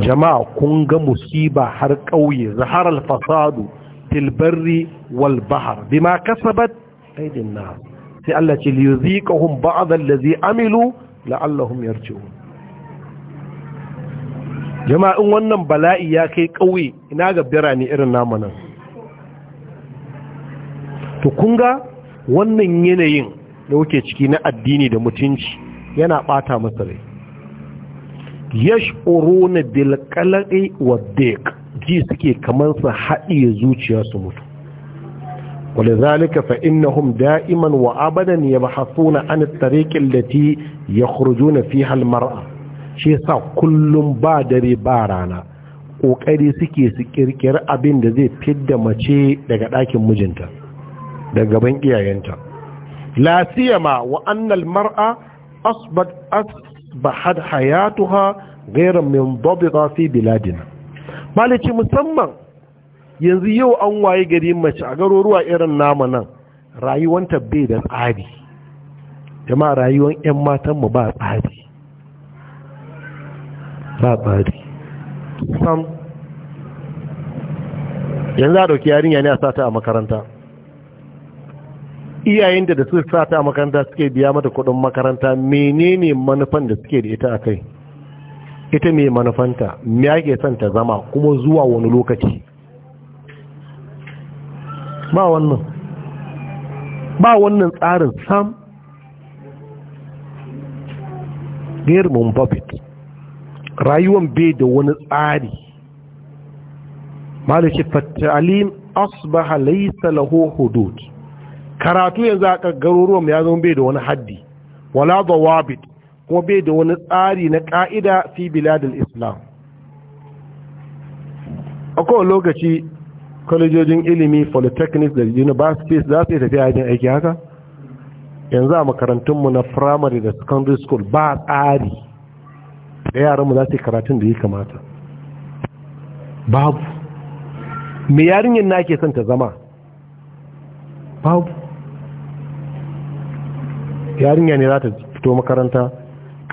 [SPEAKER 2] jama'a kun ga musiba har ƙauye zaharar fasadu Tilbari barri wal bahr bima kasabat aydin sai Allah ce li yuziqahum ba'd allazi amilu la'allahum yarji'un jama'a in wannan bala'i ya kai kauye ina ga birane irin namu nan to kun ga wannan yanayin da kuke ciki na addini da mutunci yana bata masa rai yash'uruna bil qalqi wad diq ji suke kamar su haɗiye zuciya su mutu wale zalika fa innahum da'iman wa abadan na an at ya allati yakhrujuna fi al-mar'a shi yasa kullum ba dare ba rana ƙoƙari suke su kirkiri abin da zai fidda mace daga ɗakin mijinta daga gaban iyayenta la siyama wa anna mara asbat asbahat hayatuha ghayra min dabita fi biladina malici musamman yanzu yau an waye gari mace a garuruwa irin nama nan rayuwanta bai da tsari jama'a rayuwan 'yan matanmu ba tsari ba tsari sam yanzu a ɗauki yarin ne a sata a makaranta iyayen da da suka sata a makaranta suke biya mata kudin makaranta menene manufan da suke da ita a kai ita mai manufanta ya ke son ta zama kuma zuwa wani lokaci ba wannan ba wannan tsarin sam girman buffett rayuwan bai da wani tsari malishi fatalim asbaha laysa laho hudud karatu yanzu a garuruwan ya zama bai da wani haddi wala wabit. kuma bai da wani tsari na ƙa'ida fi biladin islam a kowane lokaci kwalejojin ilimi polytechnic da universities za su yi tafiya yajin aiki haka yanzu a makarantunmu na primary da secondary school ba tsari da yaranmu za su yi karatun da yi kamata babu mai yarinyar na ke son ta zama babu yarinya ne za ta fito makaranta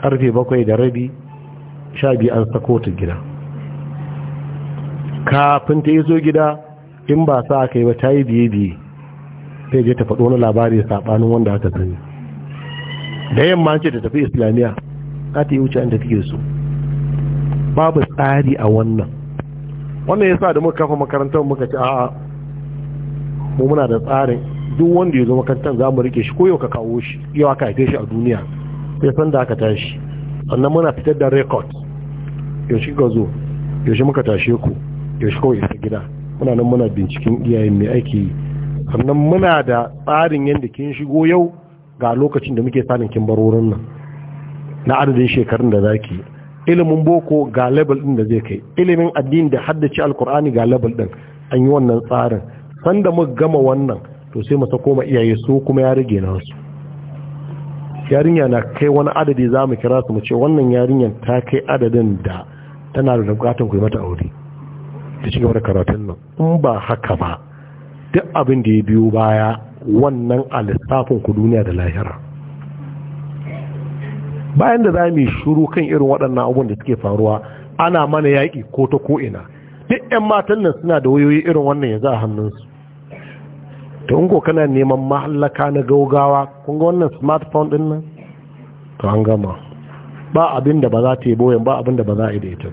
[SPEAKER 2] karfe bakwai da rabi sha biyu an sako ta gida kafin ta yi iso gida in ba sa aka yi ba ta yi biye-biye sai je ta faɗo wani labari saɓanin wanda aka sani da yamma ce ta tafi islamiyya za ta yi wuce an tafi so babu tsari a wannan wannan yasa da muka kafa makarantar muka ci a'a mu muna da tsarin duk wanda ya zo makarantar za mu rike shi ko yau ka kawo shi yau aka haife shi a duniya sai san da aka tashi annan muna fitar da rekod yaushe ga zo yaushe muka tashe ku yaushe kawai isa gida muna nan muna binciken iyayen mai aiki yi sannan muna da tsarin yadda kin shigo yau ga lokacin da muke tsarin kin barorin nan na adadin shekarun da zaki ilimin boko ga level din da zai kai ilimin addini da haddace alkur'ani ga level din an yi wannan tsarin sanda muka gama wannan to sai mu sako ma iyaye su kuma ya rage na wasu yarinya na kai wani adadi za mu kira su mu ce wannan yarinyar ta kai adadin da tana da bukatun ku yi mata aure Da ci gaba da karatun nan in ba haka ba duk abin da ya biyo baya wannan a ku duniya da lahira bayan da za mu yi shuru kan irin waɗannan abubuwan da suke faruwa ana mana yaƙi ko ta ko'ina duk 'yan matan nan suna da wayoyi irin wannan ya za a hannunsu to in ko kana neman mahallaka na gaugawa kun ga wannan smartphone din nan to an gama ba abin da ba za ta yi boyan ba abin da ba za a yi da ita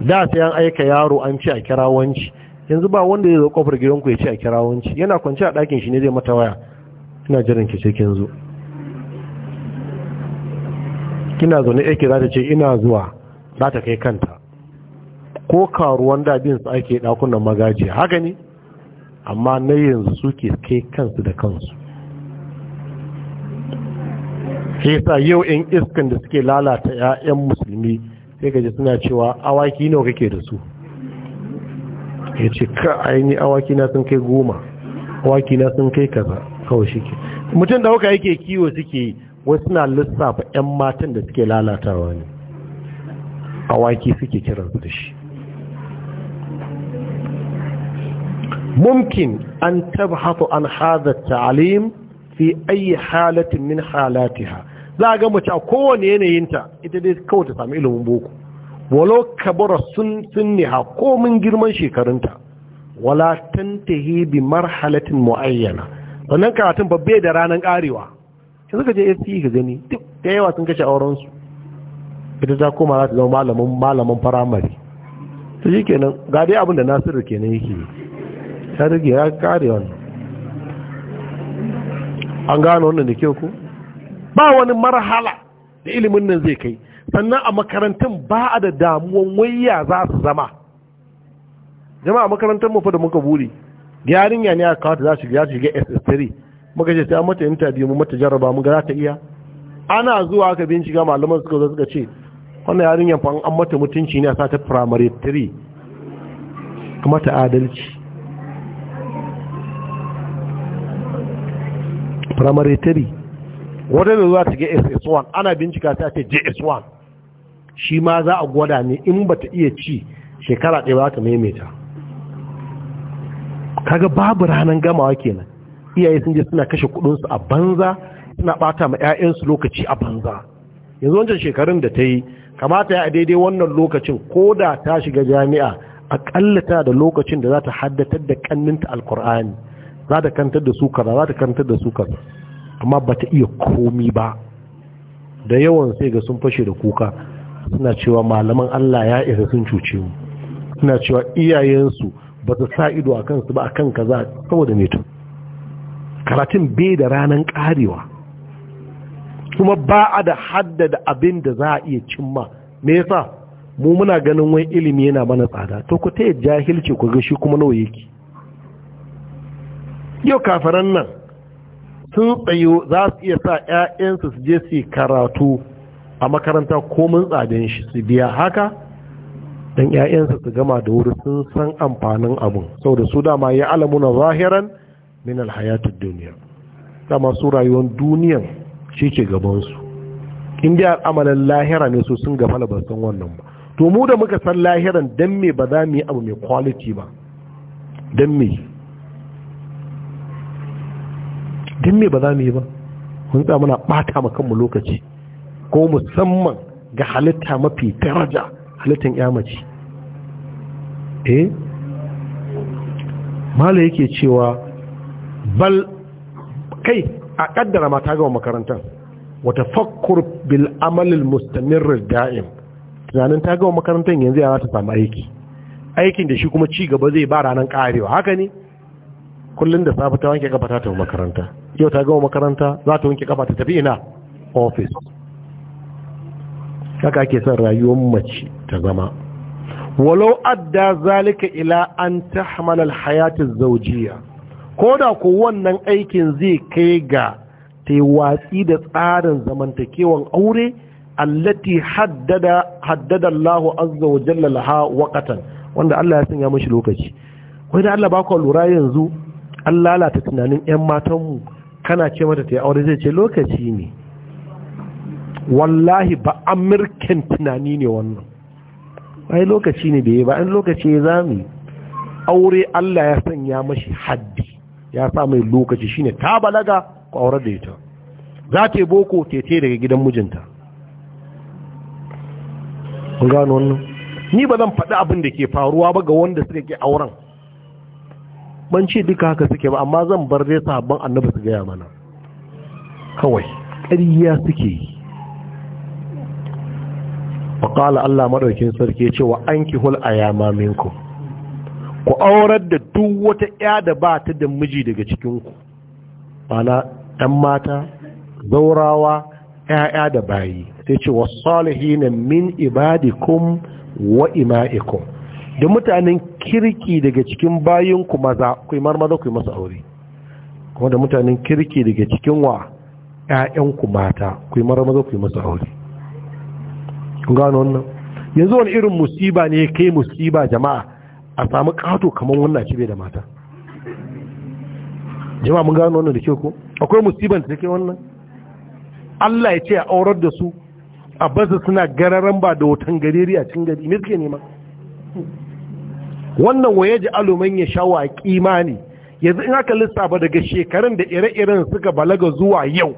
[SPEAKER 2] da sai an aika yaro an ce a kira wanci yanzu ba wanda ya zo kofar ku ya ce a kira wanci yana kwanci a ɗakin shi ne zai mata waya ina jiran ki cikin zo kina zaune yake za ta ce ina zuwa za ta kai kanta ko karuwan da bin su ake ɗakunan magajiya haka ne amma na yanzu suke kai kansu da kansu sai sa yau in iskan da suke lalata 'ya'yan musulmi sai gaji suna cewa awaki nawa kake da su ya ce ka aini awaki na sun kai goma awaki na sun kai kaza kawai shi ke mutum da hauka yake kiwo suke wasu na lissafa 'yan matan da suke lalatawa ne awaki suke kiransu da shi ممكن أن تبحث عن هذا التعليم في أي حالة من حالاتها za ga mace a kowane yanayinta ita dai kawai ta sami ilimin boko walau kabura sun sunniha komin girman shekarunta wala tantahi bi marhalatin muayyana sannan karatun babbe da ranar karewa sai suka je SC ka gani duk da yawa sun kashe auren su ita ta koma za ta zama malamin malamin firamare kenan shikenan ga dai abin da Nasiru kenan yake yi ta rage ya kare wannan an gano wannan da kyau ko ba wani marhala da ilimin nan zai kai sannan a makarantun ba a da damuwan waya za su zama jama'a makarantar mu fa da muka buri yarinya ne aka kawata za su shiga SS3 muka ce sai mata interview mu mata jarraba mu ga za ta iya ana zuwa aka bincika malaman suka zo suka ce wannan yarinyar fa an mata mutunci ne a sata primary 3 kuma ta adalci primary theory wata da zuwa ta ga ss1 ana bincika ta ce js1 shi ma za a gwada ne in ba ta iya ci shekara ɗaya ba ta maimaita kaga babu ranar gamawa kenan iyaye sun je suna kashe kudinsu a banza suna bata ma 'ya'yansu lokaci a banza yanzu wancan shekarun da ta yi kamata ya daidai wannan lokacin ko da ta shiga jami'a a kallata da lokacin da za ta haddatar da kanninta alkur'ani za ta kantar da su za ta kantar da su amma ba ta iya komi ba da yawan sai ga sun fashe da kuka suna cewa malaman Allah ya isa sun cuce mu suna cewa iyayensu ba su sa ido a kansu ba a kan kaza saboda me to karatun bai da ranan karewa kuma ba a da haddada abin da za a iya cimma me yasa mu muna ganin wani ilimi yana mana tsada to ku ta jahilci ku ga shi kuma nawa yake yau kafaran nan sun tsayo za su iya sa 'ya'yansu su je su karatu a makaranta ko mun tsadin shi su biya haka don 'ya'yansu su gama da wuri sun san amfanin abun da su dama ya alamuna zahiran min alhayatun duniya dama su rayuwar duniyan shi ke gabansu indiya al'amalin lahira ne su sun gafala ba san wannan ba to mu da muka san lahiran don me ba za mu yi abu mai kwaliti ba don me din me ba za mu yi ba mun tsaya muna ɓata ma kanmu lokaci ko musamman ga halitta mafi daraja halittan yamaci eh mala yake cewa bal kai a kaddara ma ta gama makarantar wata fakkur bil amalil mustamirr da'im tunanin ta gama makarantar yanzu ya za ta samu aiki aikin da shi kuma ci gaba zai ba ranar karewa haka ne kullum da safe ta wanke kafa ta tafi makaranta yau ta gama makaranta za ta wanke kafa ta tafi ina office haka ake son rayuwar mace ta zama walau adda zalika ila an ta hamalar hayatun koda ko da ku wannan aikin zai kai ga ta watsi da tsarin zamantakewan aure allati haddada haddada Allahu azza wa jalla laha waqatan wanda Allah ya sanya mishi lokaci wai Allah ba ku lura yanzu an lalata tunanin 'yan matanmu kana ce mata ta yi aure zai ce lokaci ne wallahi ba amurkin tunani ne wannan ai lokaci ne bai yi ba an lokaci ya zami aure Allah ya sanya mashi haddi ya sa mai lokaci shine ta balaga ku aure da ita za ta boko tete daga gidan mijinta gano wannan ni ba zan faɗi abin da ke faruwa ba ga wanda suka ke auren ban ce duka haka suke ba amma zan bar dai sabon annabi su gaya mana kawai ƙarya suke yi ƙala Allah maɗaukin sarki ce wa an hul a yama minku ku aurar da duk wata ya da ba ta da miji daga cikinku mana ɗan mata zaurawa ‘ya'ya da bayi sai ce wasu salihi min ibadikum wa ima'ikum da mutanen kirki daga cikin bayin ku maza ku marmaza ku masa aure kuma da mutanen kirki daga cikin wa ƴaƴan ku mata ku marmaza ku masa aure kun gano wannan yanzu wani irin musiba ne kai musiba jama'a a samu kato kamar wannan cibe da mata jama'a mun gano wannan da ke ko akwai musiban da take wannan Allah ya ce a aurar da su a basu suna gararan ba da wutan gariri a cikin gari mirke ne ma wannan waye ji aluman ya sha waƙi ma ne yanzu in aka lissafa daga shekarun da ire-iren suka balaga zuwa yau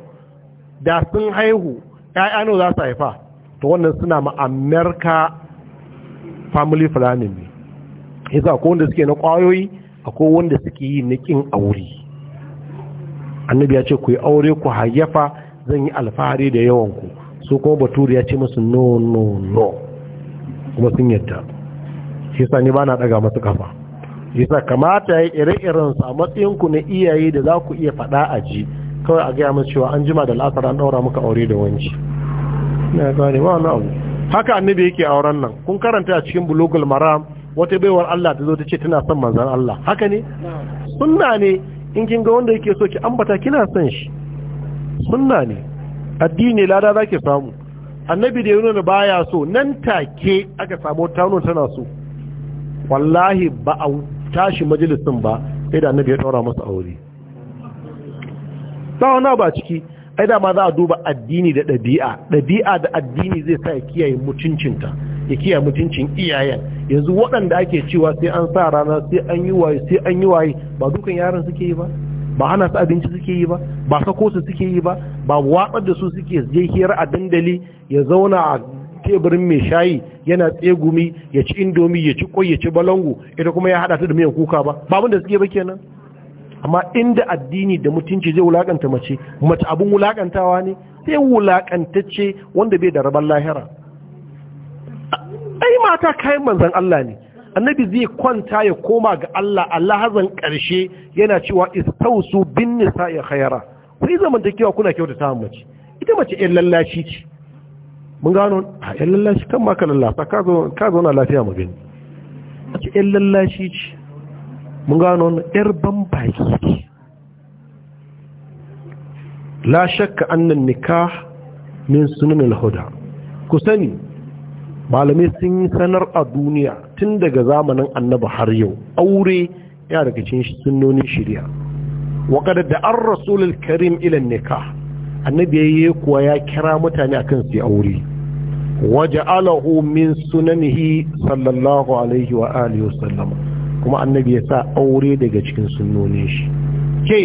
[SPEAKER 2] da sun haihu ‘ya'ya za su haifa to wannan suna ma america family planning ne yasa akwai wanda suke na ƙwayoyi akwai wanda suke yi na ƙin aure annabi ya ce ku yi aure ku hayyafa zan yi alfahari da yawanku su kuma baturi ya ce masu no no no kuma sun yadda shi ni ba na daga masu kafa shi kamata ya ire-iren su matsayinku na iyaye da za ku iya faɗa a ji kawai a gaya masu cewa an jima da la'asar an ɗaura muka aure da wanci na gane ba wani abu haka annabi yake auren nan kun karanta a cikin bulogul maram wata baiwar Allah ta zo ta ce tana son manzan Allah haka ne sunna ne in kin ga wanda yake so ki ambata kina son shi sunna ne addini lada zaki samu annabi da ba ya so nan take aka samu tano tana so wallahi ba a tashi majalisun ba sai da annabi ya daura masa aure na ba ciki ai da ma za a duba addini da ɗabi'a ɗabi'a da addini zai sa ya kiyaye mutuncinta ya kiyaye mutuncin iyayen yanzu waɗanda ake cewa sai an sa rana sai an yi waye sai an yi waye ba dukan yaran suke yi ba ba hana su abinci suke yi ba ba sako suke yi ba ba watsar da su suke je hira a dandali ya zauna a teburin mai shayi yana tsegumi ya ci indomi ya ci kwai ya ci balangu ita kuma ya hada ta da miyan kuka ba babun da suke ba kenan amma inda addini da mutunci zai wulakanta mace mace abun wulakantawa ne sai wulakantacce wanda bai da rabar lahira ai mata kayan manzon Allah ne annabi zai kwanta ya koma ga Allah Allah hazan karshe yana cewa istausu bin nisa'i khayra ku yi zamantakewa kuna kyautata mace ita mace ƴan lallashi ce mun gano a yan lallashi kan maka lallasa ka zauna lafiya mu gani a ce yan lallashi ce mun gano yar ban baki la shakka annan nikah min sunanin huda ku sani malamai sun yi sanar a duniya tun daga zamanin annaba har yau aure ya daga cin sunnonin shirya waƙada da an rasulul karim ilan nikah annabi ya yi kuwa ya kira mutane akan su aure waja'alahu min sunanihi sallallahu alaihi wa alihi wasallam kuma annabi ya sa aure daga cikin sunnonin shi ke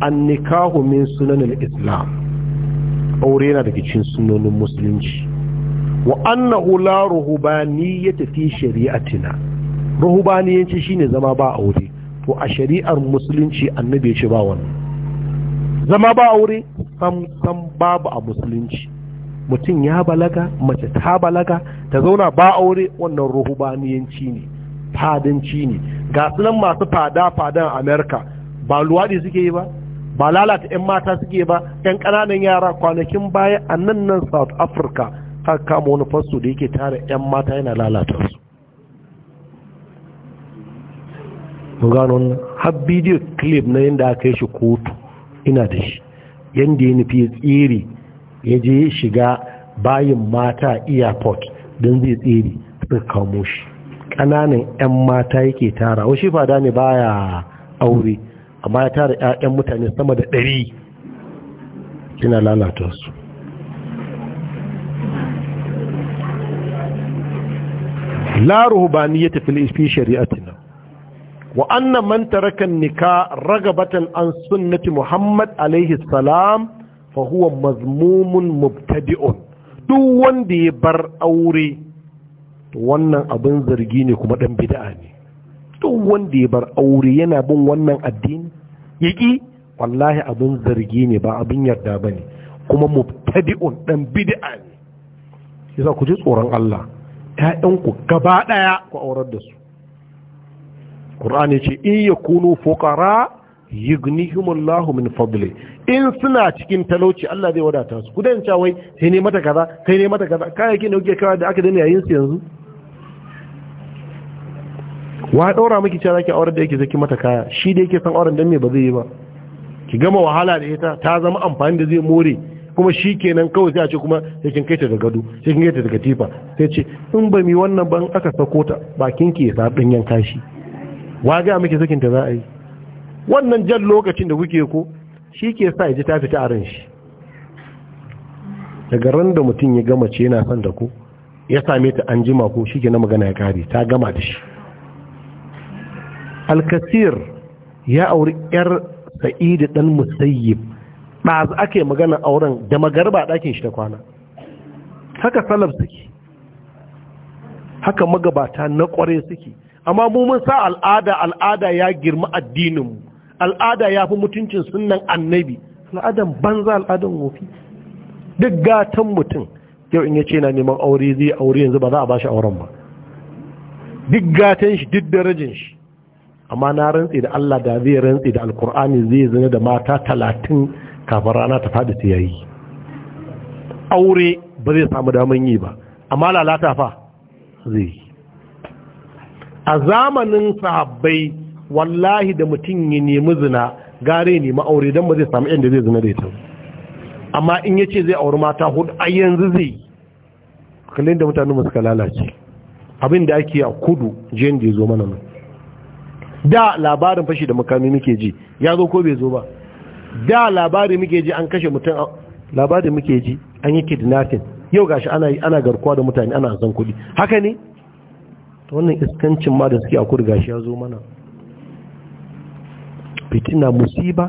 [SPEAKER 2] annikahu min sunanin islam aure na daga cikin sunnonin musulunci wa annahu la ruhbaniyyata fi shari'atina ruhubaniyyanci shine zama ba aure to a shari'ar musulunci annabi ya ce ba wannan zama ba aure sam sam babu a musulunci mutum ya balaga mace ta balaga ta zauna ba aure wannan ruhubaniyanci ne fadanci ne ga sunan masu fada fadan america ba luwaɗi suke yi ba ba lalata 'yan mata suke ba 'yan ƙananan yara kwanakin baya a nan nan south africa har kama wani fasto da yake tare 'yan mata yana lalata su mu gano har bidiyo clip na yadda aka yi shi kotu ina da shi yadda ya nufi ya tsere ya je shiga bayin mata airport don zai tsere suka kamo ƙananan 'yan mata yake tara wasu fada ne baya aure amma ya tara 'ya'yan mutane sama da ɗari kina lalata su tafi ruhbaniyata fil fi shari'atina wa anna mantarakan nika ragabatan an sunnati muhammad alaihi salam fa huwa mazmumun mubtadi'un duk wanda ya bar aure wannan abin zargi ne kuma dan bid'a ne duk wanda ya bar aure yana bin wannan addini yaki wallahi abin zargi ne ba abin yarda bane kuma mubtadi'un dan bid'a ne yasa ku ji tsoron Allah ƴaƴanku gaba ɗaya ku aurar da su Qur'ani ce in yakunu fuqara yughnihimullahu min fadli in suna cikin talauci Allah zai wadata su kudan wai sai ne mata kaza sai ne mata kaza kayayyakin da kuke kawo da aka daina yayin su yanzu wa daura miki cewa zaki auren da yake zaki mata kaya shi da yake san auren dan me ba zai yi ba ki gama wahala da ita ta zama amfani da zai more kuma shi kenan kawai sai a ce kuma sai kin kai ta daga gado sai kin kai ta daga tifa sai ce in ba mi wannan ban aka sako ta bakin ki ya sa dinyan kashi wa ga miki zakin ta za a yi wannan jan lokacin da kuke ko shi ke sa ji ta fita a ranshi shi daga ran da mutum ya gama ce yana son da ku ya same ta an jima ko shi ke na magana ya kare ta gama da shi alkasir ya auri yar sa'idu dan musayyib ɗazu ake magana auren da magarba ɗakin shi ta kwana haka salaf suke haka magabata na ƙware suke amma mu sa al'ada al'ada ya girma mu. al'ada ya fi mutuncin sunan annabi al'adan banza al'adan wofi duk gatan mutum yau in ya ce na neman aure zai aure yanzu ba za a ba shi auren ba duk gatan shi duk darajin shi amma na rantsi da Allah da zai rantsi da alkur'ani zai zina da mata talatin kafin rana ta faɗi ta yayi aure ba zai samu daman yi ba amma lalata fa zai yi a zamanin sahabbai wallahi da mutum ya nemi zina gare ne ma'aure don ba zai samu yadda zai zina da ita amma in ya ce zai auri mata hudu a yanzu zai kallon da mutane masu lalace abin da ake a kudu jiyan da ya zo mana nan da labarin fashi da makami muke ji ya zo ko bai zo ba da labari muke ji an kashe mutum Labarin muke ji an yi kidnapping yau gashi ana ana garkuwa da mutane ana zan kuɗi haka ne wannan iskancin ma da suke a kudu gashi ya zo mana fitina musiba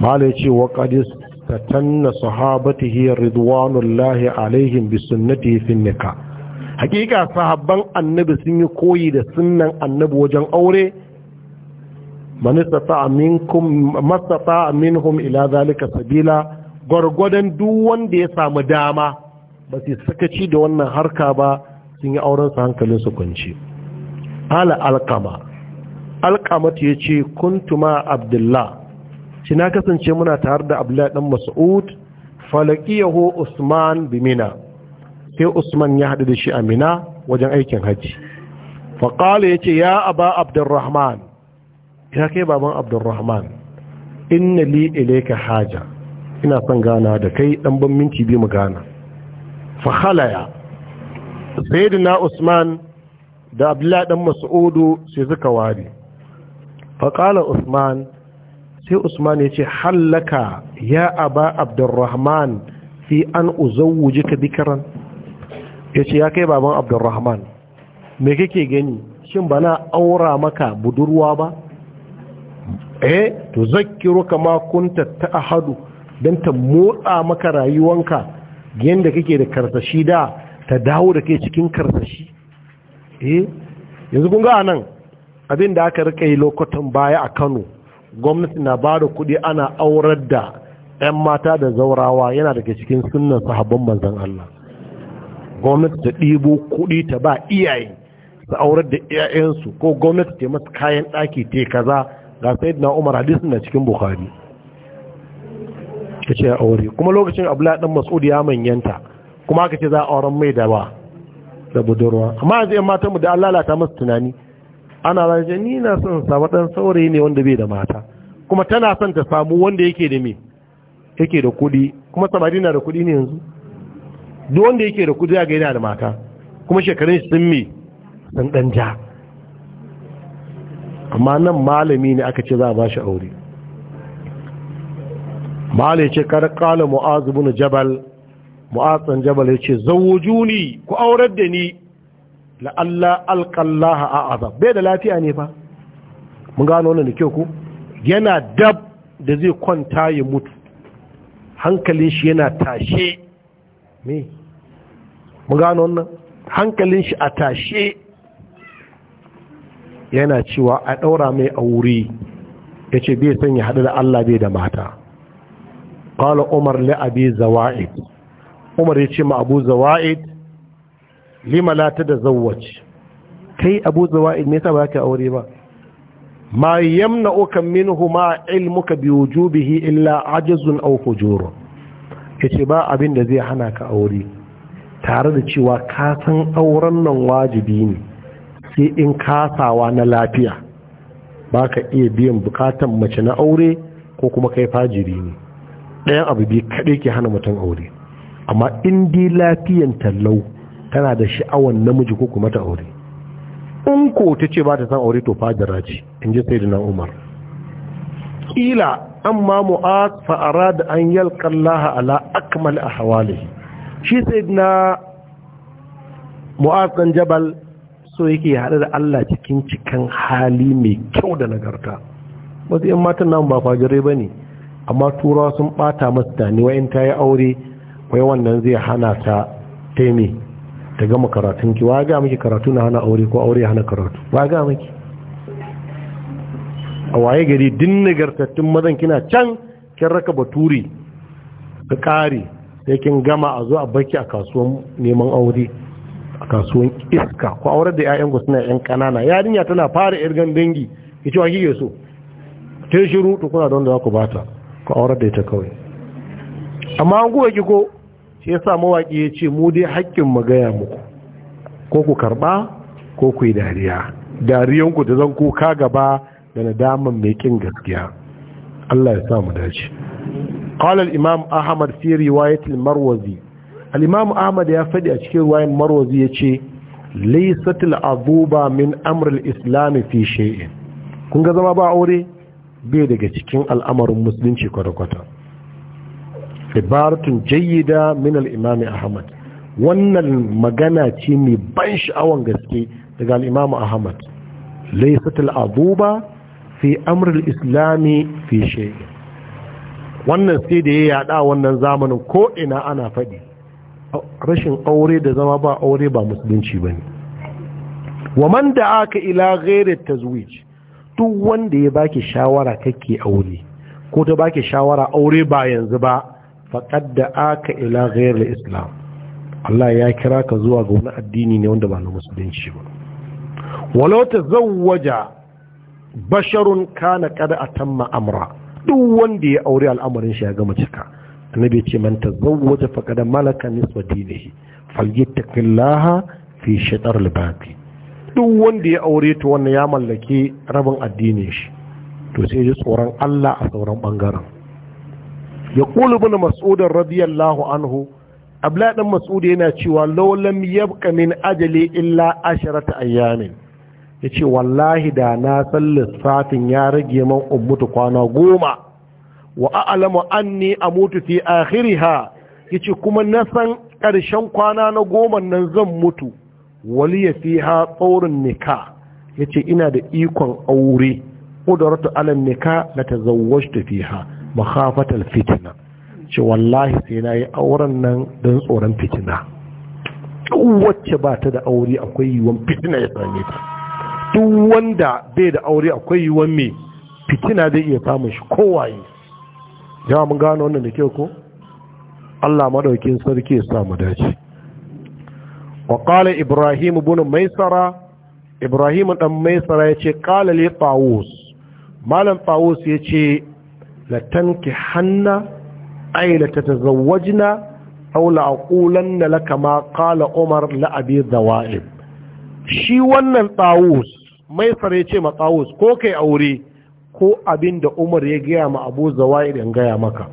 [SPEAKER 2] malai ce wa kadis ta tanna hiyar ridwanullahi alaihim bi sunnati fin nika hakika sahabban annabi sun yi koyi da sunnan annabi wajen aure amin minhum ila zalika sabila gwargwadon duk wanda ya samu dama ba su sakaci da wannan harka ba sun yi auren su hankalin su kunci ala alkama alƙamatu ya ce kuntuma abdullah shi na kasance muna tare da abdullahi ɗan mas'ud falakiyahu usman bimina sai usman ya haɗu da shi a mina wajen aikin hajji faƙala ya ce ya aba abdurrahman ya kai baban abdurrahman inna li ilaika haja ina son gana da kai ɗan ban minti biyu mu gana fahalaya sayyidina usman da abdullahi ɗan mas'udu sai suka ware faƙala usman sai usman ya ce hallaka ya aba abdurrahman fi an uzawuji ka bikiran ya ce ya kai baban abdurrahman me kake gani shin ba na aura maka budurwa ba eh to zakkiro kama kunta ta ahadu don ta motsa maka rayuwanka yadda kake da karsashi da ta dawo da ke cikin karsashi eh yanzu kun ga nan abin da aka rika lokutan baya a kano gwamnati na ba da kuɗi ana aurar da 'yan mata da zaurawa yana daga cikin sunan sahabban manzan Allah gwamnati ta ɗibo kuɗi ta ba iyaye su aurar da 'ya'yansu ko gwamnati ta masu kayan ɗaki ta kaza ga sai na umar hadis na cikin bukhari ta ce aure kuma lokacin abula ɗan mas'ud ya manyanta kuma aka ce za a auren mai da ba da budurwa amma yanzu 'yan matanmu da an lalata masu tunani ana rance ni na son samu dan saurayi ne wanda bai da mata kuma tana son ta samu wanda yake da me yake da kuɗi kuma samari na da kuɗi ne yanzu duk wanda yake da kuɗi ga yana da mata kuma shekarun shi sun me sun dan ja amma nan malami ne aka ce za a ba shi aure malai ce kar kala jabal ibn jabal ya ce, zawo juni ku aurar da ni la'alla alƙallaha a azab bai da lafiya ne fa mun gano wani da kyau ku yana dab da zai kwanta ya mutu hankalin shi yana tashe me mun gano wannan hankalin shi a tashe yana cewa a ɗaura mai a wuri ya ce bai son ya haɗu da Allah bai da mata ƙala umar la'abi zawa'id umar ya ce ma abu zawa'id lima ta da zawwaci kai abu zawa'il me yasa ba ka aure ba ma yamna'uka minhu ma ilmuka bi wujubihi illa ajzun aw fujur yace ba abin da zai hana ka aure tare da cewa ka san auren nan wajibi ne sai in kasawa na lafiya ba ka iya biyan bukatan mace na aure ko kuma kai fajiri ne ɗayan abu biyu kaɗai ke hana mutum aure amma in dai lafiyan tallau tana da sha'awan namiji ko kuma ta aure in ko ta ce ba ta san aure to fajira ce in ji sai umar ila amma mu'ad fa'ara da an yalka laha ala akamal a hawali shi sai na mu'ad jabal so yake haɗe da Allah cikin cikin hali mai kyau da nagarta wasu ‘yan matan nan ba fajirai ba ne amma turawa sun ɓata masu tani wayan ta yi aure wai wannan zai hana ta taimi ta gama karatun ki waga miki karatu na hana aure ko aure hana karatu wa miki a waye gari din nagartattun mazan kina can kin raka baturi ka kare sai kin gama a zo a baki a kasuwan neman aure a kasuwan iska ko aure da 'ya'yan ku suna 'yan kanana yarinya tana fara irgan dangi ki ce wa kike so ta shiru to kuna don da za ku bata ko aure da ita kawai amma an kuka ki ko Yasa mawaƙi ce mu dai haƙƙin mu gaya muku ko ku karɓa ko kuyi dariya, dariyanku ta zan kuka gaba da nadaman mai ƙin gaskiya Allah ya sa mu dace. Qalar Imam Ahmad fiye riwa Marwazi, Alimamu Ahmad ya faɗi a cikin ruwan Marwazi ya ce lai satin na min amrla islami fi sha'in, kun ga zama ba aure? Bai daga cikin al'amarin musulunci kwata-kwata. ibaratun jayyida min al-imam ahmad wannan magana ce mai ban sha'awan gaske daga al-imam ahmad laysat al-aduba fi amr al-islami fi shay'in wannan sai da ya yada wannan zamanin ko ina ana fadi? rashin aure da zama ba aure ba musulunci bane wa man da'aka ila ghairi tazwij duk wanda ya baki shawara kake aure ko ta baki shawara aure ba yanzu ba faƙad da aka ila ghayar islam Allah ya kira ka zuwa ga wani addini ne wanda ba na musulunci ba walau ta zawwaja basharun kana kada a tamma amra duk wanda ya aure al'amarin shi ya gama cika annabi ce man ta zawwaja faƙada malaka nisba dinihi falyattaqillaha fi shatar libafi duk wanda ya aure ta wannan ya mallake rabin addinin shi to sai ji tsoron Allah a sauran bangaren ya ƙulu bin mas'udin radiyallahu anhu abla ɗan mas'ud yana cewa laulam yabka min ajali illa asharata ayyamin ya ce wallahi da na san lissafin ya rage man umutu kwana goma wa a'lamu anni amutu fi akhiriha ce kuma na san ƙarshen kwana na goma nan zan mutu ya fi ha tsaurin nika ce ina da ikon aure qudratu alam nika la tazawwajtu fiha makhafatal fitina ce wallahi sai na yi auren nan don tsoron fitina wacce ba ta da aure akwai yiwuwan fitina ya same ta duk wanda bai da aure akwai yiwuwan mai fitina zai iya samun shi kowaye jama mun gano wannan da kyau ko Allah madaukin sarki ya sa mu dace wa qala ibrahim ibn maisara ibrahim dan maisara yace qala li tawus malam tawus yace latanki hanna ay latatazawwajna aw la'qulanna laka ma qala umar la abi dawaib shi wannan tawus mai fare ce ma tawus ko kai aure ko abinda umar ya gaya ma abu zawaib in gaya maka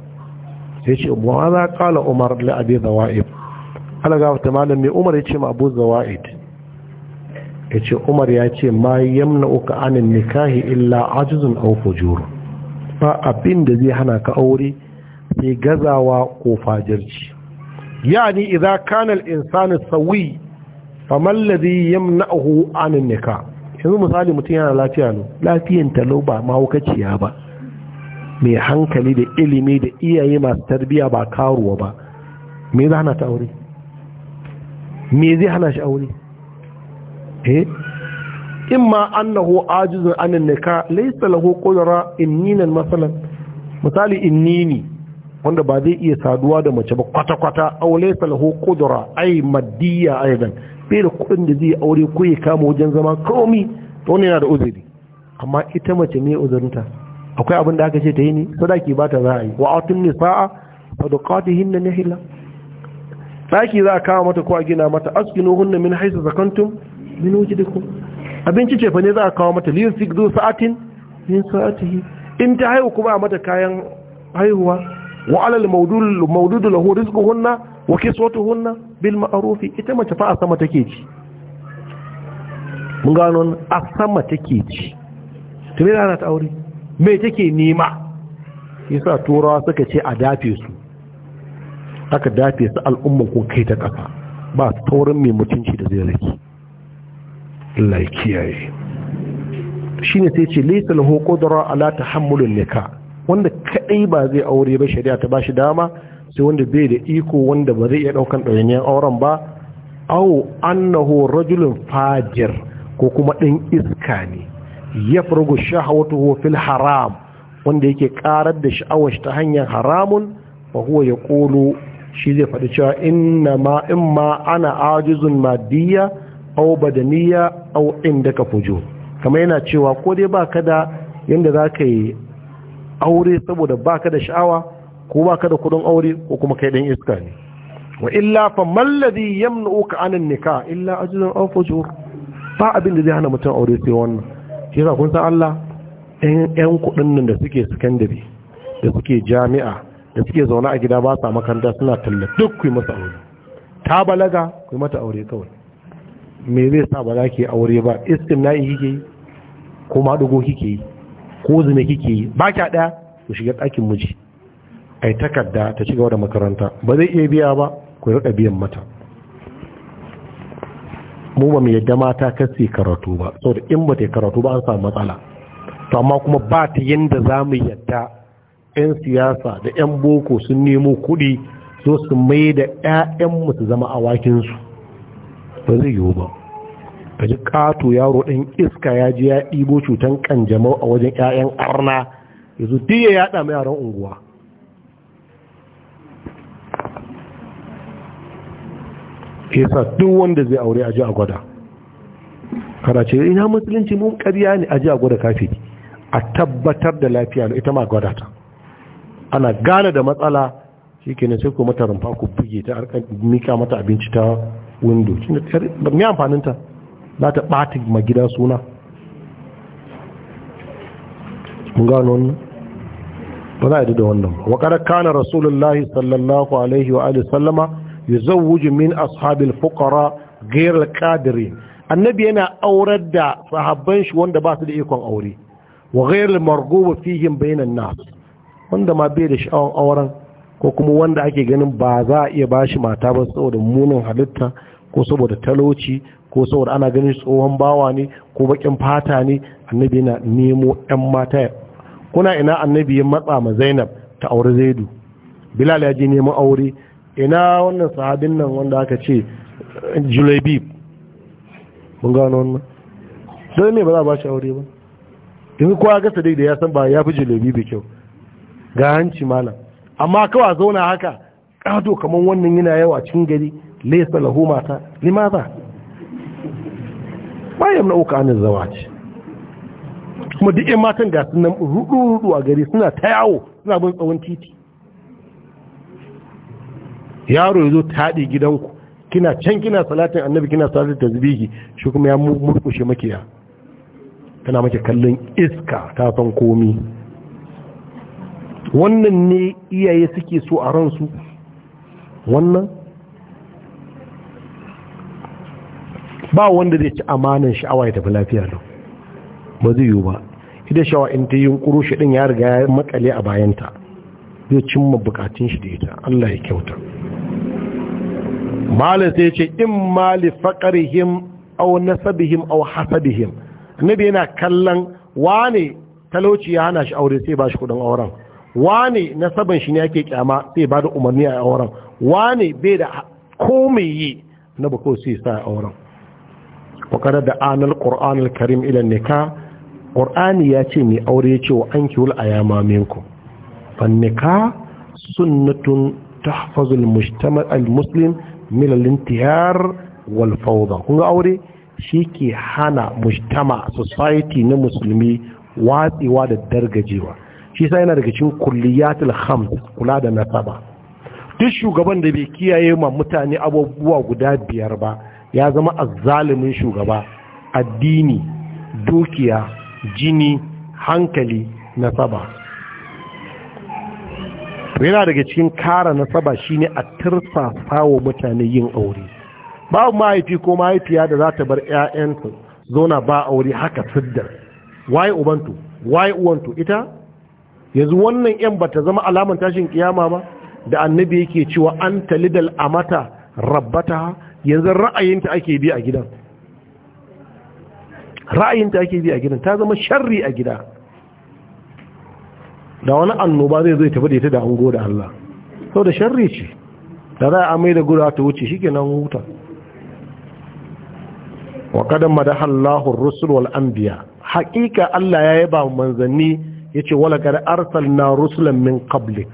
[SPEAKER 2] sai ce wa za qala umar la abi dawaib ala ga ta malam mai umar ya ce ma abu zawaib ya ce umar ya ce ma yamna uka anin nikahi illa ajizun aw fujurun ba abin da zai hana ka aure sai gazawa ko fajirci yani idza kana al-insanu sawi faman alladhi yamna'uhu 'anil nikah yanzu misali mutum yana lafiya ne lafiyan talau ba mahaukaciya ba mai hankali da ilimi da iyaye masu tarbiya ba karuwa ba me zai hana ta aure me zai hana shi aure eh imma annahu ajizun anin nika laysa lahu qudra inninan masalan misali innini wanda ba zai iya saduwa da mace ba kwata-kwata aw laysa lahu qudra ay maddiya aidan bai da kudin da zai aure ko ya kama wajen zama komi to wani yana da uzuri amma ita mace me uzurinta akwai abin da aka ce ta yi ne sadaki ba ta za a yi wa atun nisa'a sadaqatihinna nihla saki za a kama mata ko a gina mata askinu hunna min haisu zakantum min wujidikum abinci ce fa ne za a kawo mata liyun sigdo sa'atin min sa'atihi in ta haihu kuma a mata kayan haihuwa wa alal maududu lahu lahu hunna wa hunna bil ma'ruf ita mace fa a sama take ci mun gano a sama take ci to me ta aure me take nema yasa turawa suka ce a dafe su aka dafe su al'umman kun kai ta kafa ba taurin mai mutunci da zai rage Allah ya kiyaye shine sai ce laysa da rawa ala tahammulun nika' wanda kadai ba zai aure ba shari'a ta bashi dama sai wanda bai da iko wanda ba zai iya daukan ɗawainiyar auren ba au annahu rajulun fajir ko kuma ɗin iska ne ya furgu shahawatuhu fil haram wanda yake karar da sha'awar ta hanyar haramun wa ya kolo shi zai faɗi cewa inna in ma ana ajizun madiyya au badaniya au indaka fujo kamar yana cewa ko dai baka da yanda zaka yi aure saboda baka da sha'awa ko baka da kudin aure ko kuma kai dan iska ne wa illa fa mallazi yamnuka anan nikah illa ajlan aw fujur ba abin da zai hana mutum aure sai wannan shi yasa kun san Allah ƴan kuɗin nan da suke secondary da suke jami'a da suke zaune a gida ba sa makaranta suna talla duk ku yi masa aure ta balaga ku yi mata aure kawai me zai sa ba za ki aure ba istimna'i kike yi ko madugo kike yi ko zume kike yi ba kya daya ku shiga ɗakin miji ai takarda ta ci gaba da makaranta ba zai iya biya ba ku rika biyan mata mu ba mu yadda mata kasi karatu ba saboda in ba ta karatu ba an samu matsala to amma kuma ba ta yadda za mu yadda 'yan siyasa da 'yan boko sun nemo kuɗi zo su mai da 'ya'yanmu su zama awakinsu ba zai yiwu ba ka ji ƙato yaro ɗin iska ya ji ya ɗibo cutan kanjamau a wajen 'ya'yan arna yanzu duk ya yaɗa mai yaran unguwa yasa duk wanda zai aure a ji a gwada kada ce ina musulunci mun ƙarya ne a ji a gwada kafi a tabbatar da lafiya ita ma gwada ta ana gane da matsala shi kenan sai ku mata rumfa ku buge ta mika mata abinci ta window tunda ba mai amfaninta za ta ɓata ma gida suna mun gano wannan ba za a yi da wannan ba wa kada kana rasulullahi sallallahu alaihi wa alaihi sallama wujin min ashabin fukara ghayr al annabi yana aurar da sahabban shi wanda ba su da ikon aure wa ghayr al fihin fihim bainan wanda ma bai da sha'awar auren ko kuma wanda ake ganin ba za a iya ba shi mata ba saboda munin halitta ko saboda talauci ko saboda ana ganin tsohon bawa ne ko bakin fata ne annabi yana nemo yan mata kuna ina annabi ya matsa ma zainab ta aure zaidu bilal ya je neman aure ina wannan sahabin nan wanda aka ce julebib mun gano wannan don ne ba za a ba shi aure ba in kowa gasa dai da ya san ba ya fi julebib kyau ga hanci malam amma kawai zauna haka ƙado kamar wannan yana yawa cikin gari laysa lahu mata limadha ba yamna'uka anil zawaj kuma duk yan matan ga sunan rudu-rudu a gari suna ta yawo suna bin tsawon titi yaro ya zo taɗi gidanku kina can kina salatin annabi kina salatin tasbihi shi kuma ya murkushe makiya tana maki kallon iska ta san komi wannan ne iyaye suke so a ransu wannan ba wanda zai ci amanan sha'awa ya tafi lafiya lau ba zai yiwu ba ita sha'awa in ta yi yunkuru shi din ya riga ya makale a bayanta zai cimma bukatun shi da ita Allah ya kyauta malam sai ce in mali faqarihim aw nasabihim aw hasabihim annabi yana kallon wane talauci ya hana shi aure sai ba shi kudin auren wane nasaban shi ne yake kyama sai ba da umarni a auren wane bai da komai yi na bako sai sa auren wa da anar qur'an al-karim ila nikah ya ce mai aure ya ce wa ankihul ayama minku fa nikah sunnatun tahfazul mujtama' al-muslim wal kun aure shi ke hana mujtama society na musulmi watsewa da dargajewa shi sa yana daga cikin kulliyatul khams kula da nasaba duk shugaban da bai kiyaye ma mutane abubuwa guda biyar ba ya zama azzalimin shugaba addini dukiya jini hankali nasaba yana daga cikin kara nasaba shine a tursa wa mutane yin aure babu mahaifi ko mahaifiya da za ta bar 'ya'yanta zona ba aure haka siddar waye ubantu waye uwantu ita yanzu wannan 'yan ba ta zama alamun tashin kiyama ba da annabi yake cewa an talidal amata rabbata yanzu ra'ayinta ake bi a gidan ra'ayinta ake bi a gidan ta zama sharri a gida da wani annoba zai zai tafi da ita da ango da Allah sau da sharri ce da za a mai da guda ta wuce shi nan wuta wa kadan madaha Allahun rusul wal haƙiƙa Allah ya yi yaba manzanni ce wala arsal na rusulan min qablik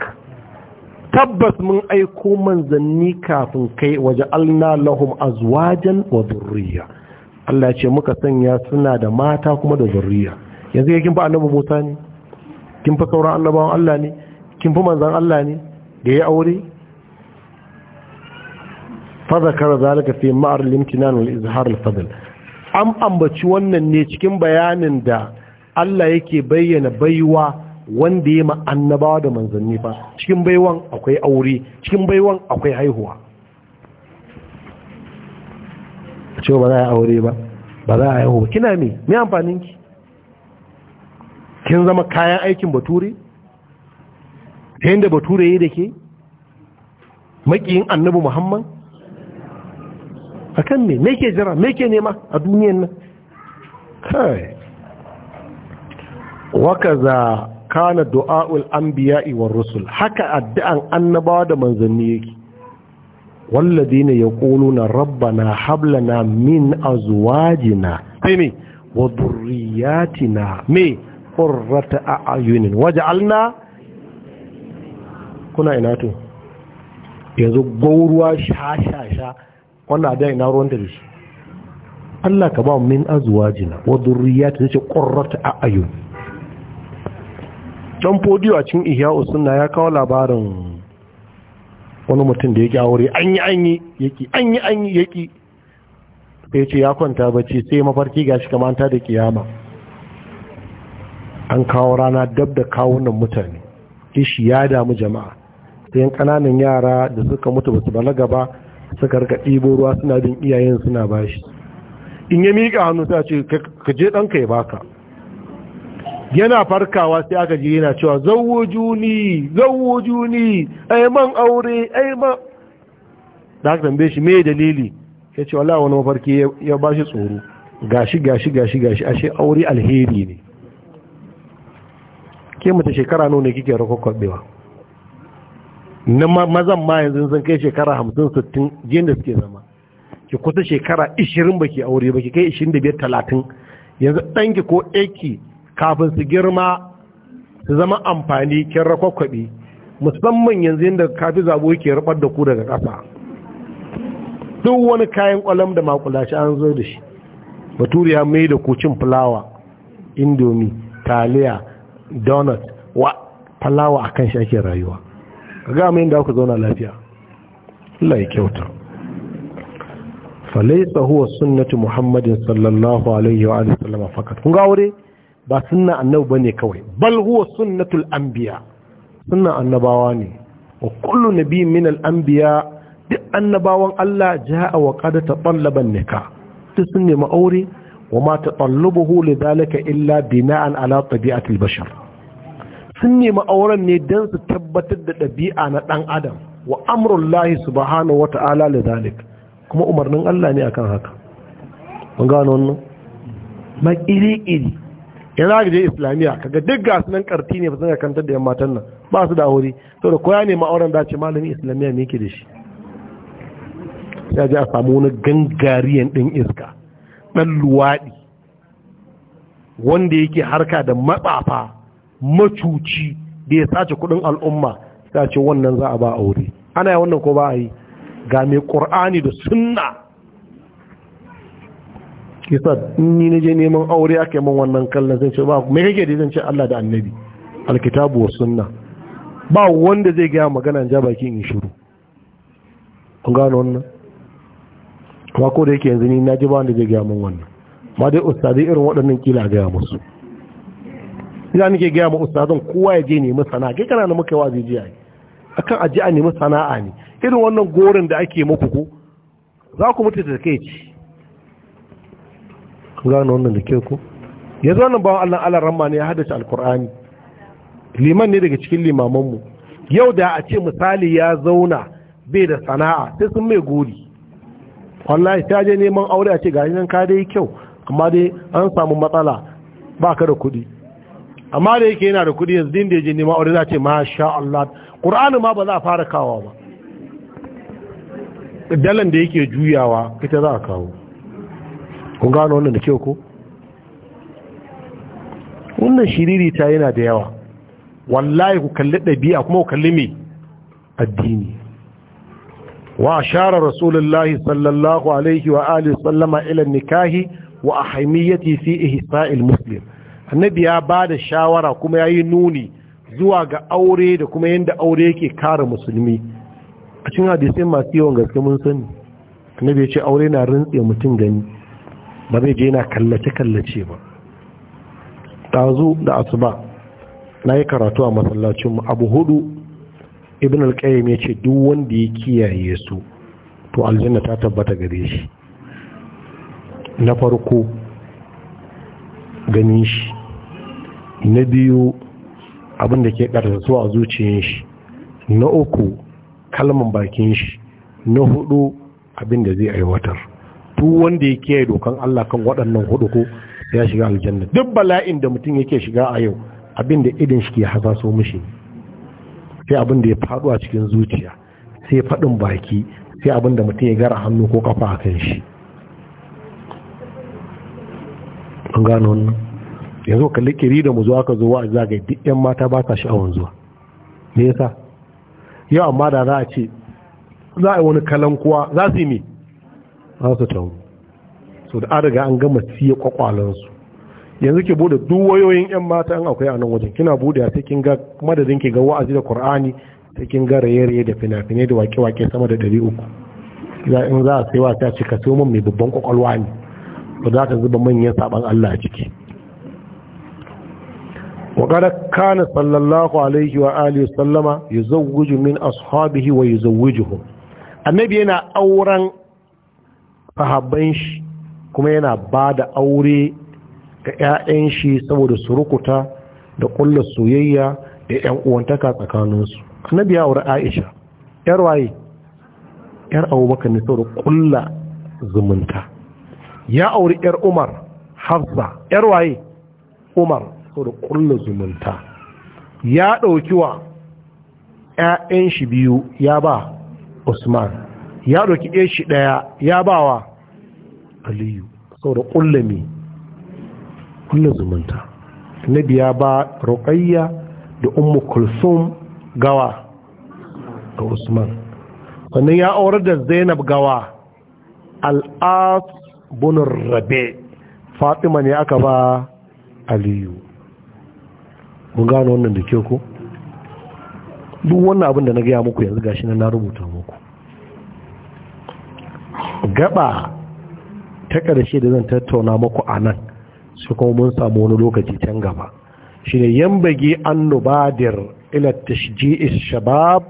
[SPEAKER 2] tabbas mun aiko manzanni kafin kai waje alna lahum azwajan wa zurriya Allah ce muka sanya suna da mata kuma da zurriya yanzu kin fa annabi Musa ne kin fa sauran annabawan Allah ne kin fa manzan Allah ne da ya aure fa zakara zalika fi ma'ar limtinan wal izhar al fadl am ambaci wannan ne cikin bayanin da Allah yake bayyana baiwa wanda ya ma'annaba da manzanni ba cikin baiwan akwai aure cikin baiwan akwai haihuwa a ce ba za a aure ba ba za a yi ba kina me mai amfanin ki kin zama kayan aikin bature ta yadda bature yi da ke makiyin annabu muhammad akan me me ke jira me ke nema a duniyan nan kai wakaza kana du'a'ul anbiya'i war rusul haka addu'an annabawa da manzanni yake walladina yaquluna rabbana hab lana min azwajina me wa dhurriyyatina me qurrata a'yunin waj'alna kuna ina to yanzu gauruwa sha sha sha wannan da ina ruwan da shi Allah ka ba min azwajina wa dhurriyyatina ce qurrata a'yunin can fodiyo a cikin Ihya sunna ya kawo labarin wani mutum da ya aure an yi an yi yaki an yi an yi yaki sai ce ya kwanta bacci sai mafarki gashi kamanta da kiyama an kawo rana dab da kawunan mutane ishi ya damu jama'a sai kananan yara da suka mutu basu balaga ba suka rika ɗibo ruwa suna bin iyayen suna bashi in ya miƙa hannu sai ce ka je ɗanka ya baka yana farkawa sai aka ji yana cewa zawo juni zawo juni ai man aure ai ma da aka tambaye shi me dalili ya ce wala wani mafarki ya ba shi tsoro gashi gashi gashi gashi ashe aure alheri ne ke mata shekara nuna kike rakwakwabewa na mazan ma yanzu sun kai shekara hamsin sittin jinda da suke zama ki kusa shekara ishirin baki aure baki kai ishirin da biyar talatin yanzu ɗanki ko ɗaki kafin su girma su zama amfani kin rakwakwabi musamman yanzu yadda kafi zabo ke rabar da ku daga ƙasa duk wani kayan kwalam da makulashi an zo da shi baturi ya mai da kucin fulawa indomi taliya donut wa fulawa a kan shi ake rayuwa ka ga mai da aka zauna lafiya Allah ya kyauta falaisa huwa sunnatu muhammadin sallallahu alaihi wa sallama fakat kun ga aure ba sunna annabi bane kawai bal huwa sunnatul anbiya sunna annabawa ne wa kullu nabiyyin min al anbiya duk annabawan Allah jaa wa qad tatallaba Nika. duk sun nemi aure wa ma tatallubuhu lidhalika illa bina'an ala tabi'atil bashar sun nemi auren ne don su tabbatar da ɗabi'a na ɗan adam wa amrullahi lahi subhanahu wa ta'ala da kuma umarnin Allah ne akan haka. Mun gano wannan? Makiri-iri ya za je islamiyya kaga duk gasu nan karti ne ba sun kantar da yan matan nan ba su da aure to da koya ne da ce malamin islamiyya me ke da shi ya ji a samu wani gangariyan din iska ɗan luwaɗi wanda yake harka da matsafa macuci da ya sace kuɗin al'umma ya ce wannan za a ba aure ana yi wannan ko ba a yi ga mai ƙur'ani da sunna shi ni na je neman aure ake man wannan kallon zan ce ba mai kake da zan ce Allah da annabi alkitabu wa sunna ba wanda zai gaya magana ja baki in shiru Kun gano wannan kuma ko da yake yanzu ni na ji ba wanda zai gaya man wannan ma dai ustazi irin waɗannan kila gaya musu ina nake gaya ma ustazan kowa ya je mu sana'a kai kana na muka wa zai je ai akan aje a nemi sana'a ne irin wannan gorin da ake muku ko za ku mutu da kai gano wannan da ke ku ya zo wannan bawan allah allah ramma ne ya haddace alkur'ani liman ne daga cikin limamanmu yau da a ce misali ya zauna bai da sana'a sai sun mai gori wallahi ta je neman aure a ce ga nan ka dai kyau amma dai an samu matsala ba ka da kuɗi amma da yake yana da kuɗi yanzu din da ya je neman aure za ce masha Allah Qur'ani ma ba za a fara kawo ba dalan da yake juyawa ita za a kawo kun gano wannan da kyau ko wannan shiririta yana da yawa wallahi ku kalli ɗabi'a kuma ku kalli me addini wa shara rasulullahi sallallahu alaihi wa alihi sallama ila nikahi wa ahammiyati fi ihsa'il muslim annabi ya bada shawara kuma yayi nuni zuwa ga aure da kuma yanda aure yake kare musulmi a cikin hadisi masu yawan gaske mun sani annabi ya ce aure na rintse mutum gani ba zai je yana kallace-kallace ba ɗazu da asuba na yi karatu a masallacinmu abu hudu ibn alƙayyar ya ce duk wanda ya kiyaye su to aljanna ta tabbata gare shi na farko ganin shi na biyu abinda ke ƙarsasuwa a zuciyar shi na uku kalman bakin shi na hudu abinda zai aiwatar duk wanda ya kiyaye dokan Allah kan waɗannan hudu ko ya shiga aljanna duk bala'in da mutum yake shiga a yau abin da idin shi ke hasaso mishi sai abin da ya faɗo a cikin zuciya sai faɗin baki sai abin da mutum ya gara hannu ko kafa a kan shi an gano wannan yanzu ka likiri da mu zo aka zo wa'azi zaga duk yan mata ba sa sha'awan zuwa me yasa yau amma da za a ce za a yi wani kalankuwa za su yi me an su taru so da adaga an gama siya kwakwalansu yanzu ke bude duk wayoyin yan mata an akwai a nan wajen kina bude a cikin ga madadin ke ga wa'azi da qur'ani cikin kin ga raye da fina-finai da wake-wake sama da 300 in za a saiwa ta cika sai mai babban kwakwalwa ne ba za ka zuba manyan saban Allah a ciki وقد كان صلى wa عليه وآله وسلم يزوج من أصحابه ويزوجهم annabi yana auren. fahabban shi kuma yana ba da aure ga 'ya'yan shi saboda su rukuta da ƙulla soyayya da 'yan uwantaka tsakaninsu annabi ya wuri aisha 'yar waye 'yar abubakar ne saboda ƙulla zumunta ya auri 'yar umar hafsa 'yar waye umar saboda ƙulla zumunta ya ɗauki wa 'ya'yan shi biyu ya ba usman ya ɗauki ɗaya shi ɗaya ya bawa aliyu saboda ƙullami ƙulla zumunta nabi biya ba roƙayya da umu kulsum gawa ga usman wannan ya aurar da zainab gawa al'as bunin rabe fatima ne aka ba aliyu mun gano wannan da ke ku duk wannan abin da na gaya muku yanzu gashi na rubuta gaba ta ƙarshe da zan tattauna maku a nan su kuma mun samu wani lokaci can gaba shi ne yan bagi an nubadir ila tashji'is shabab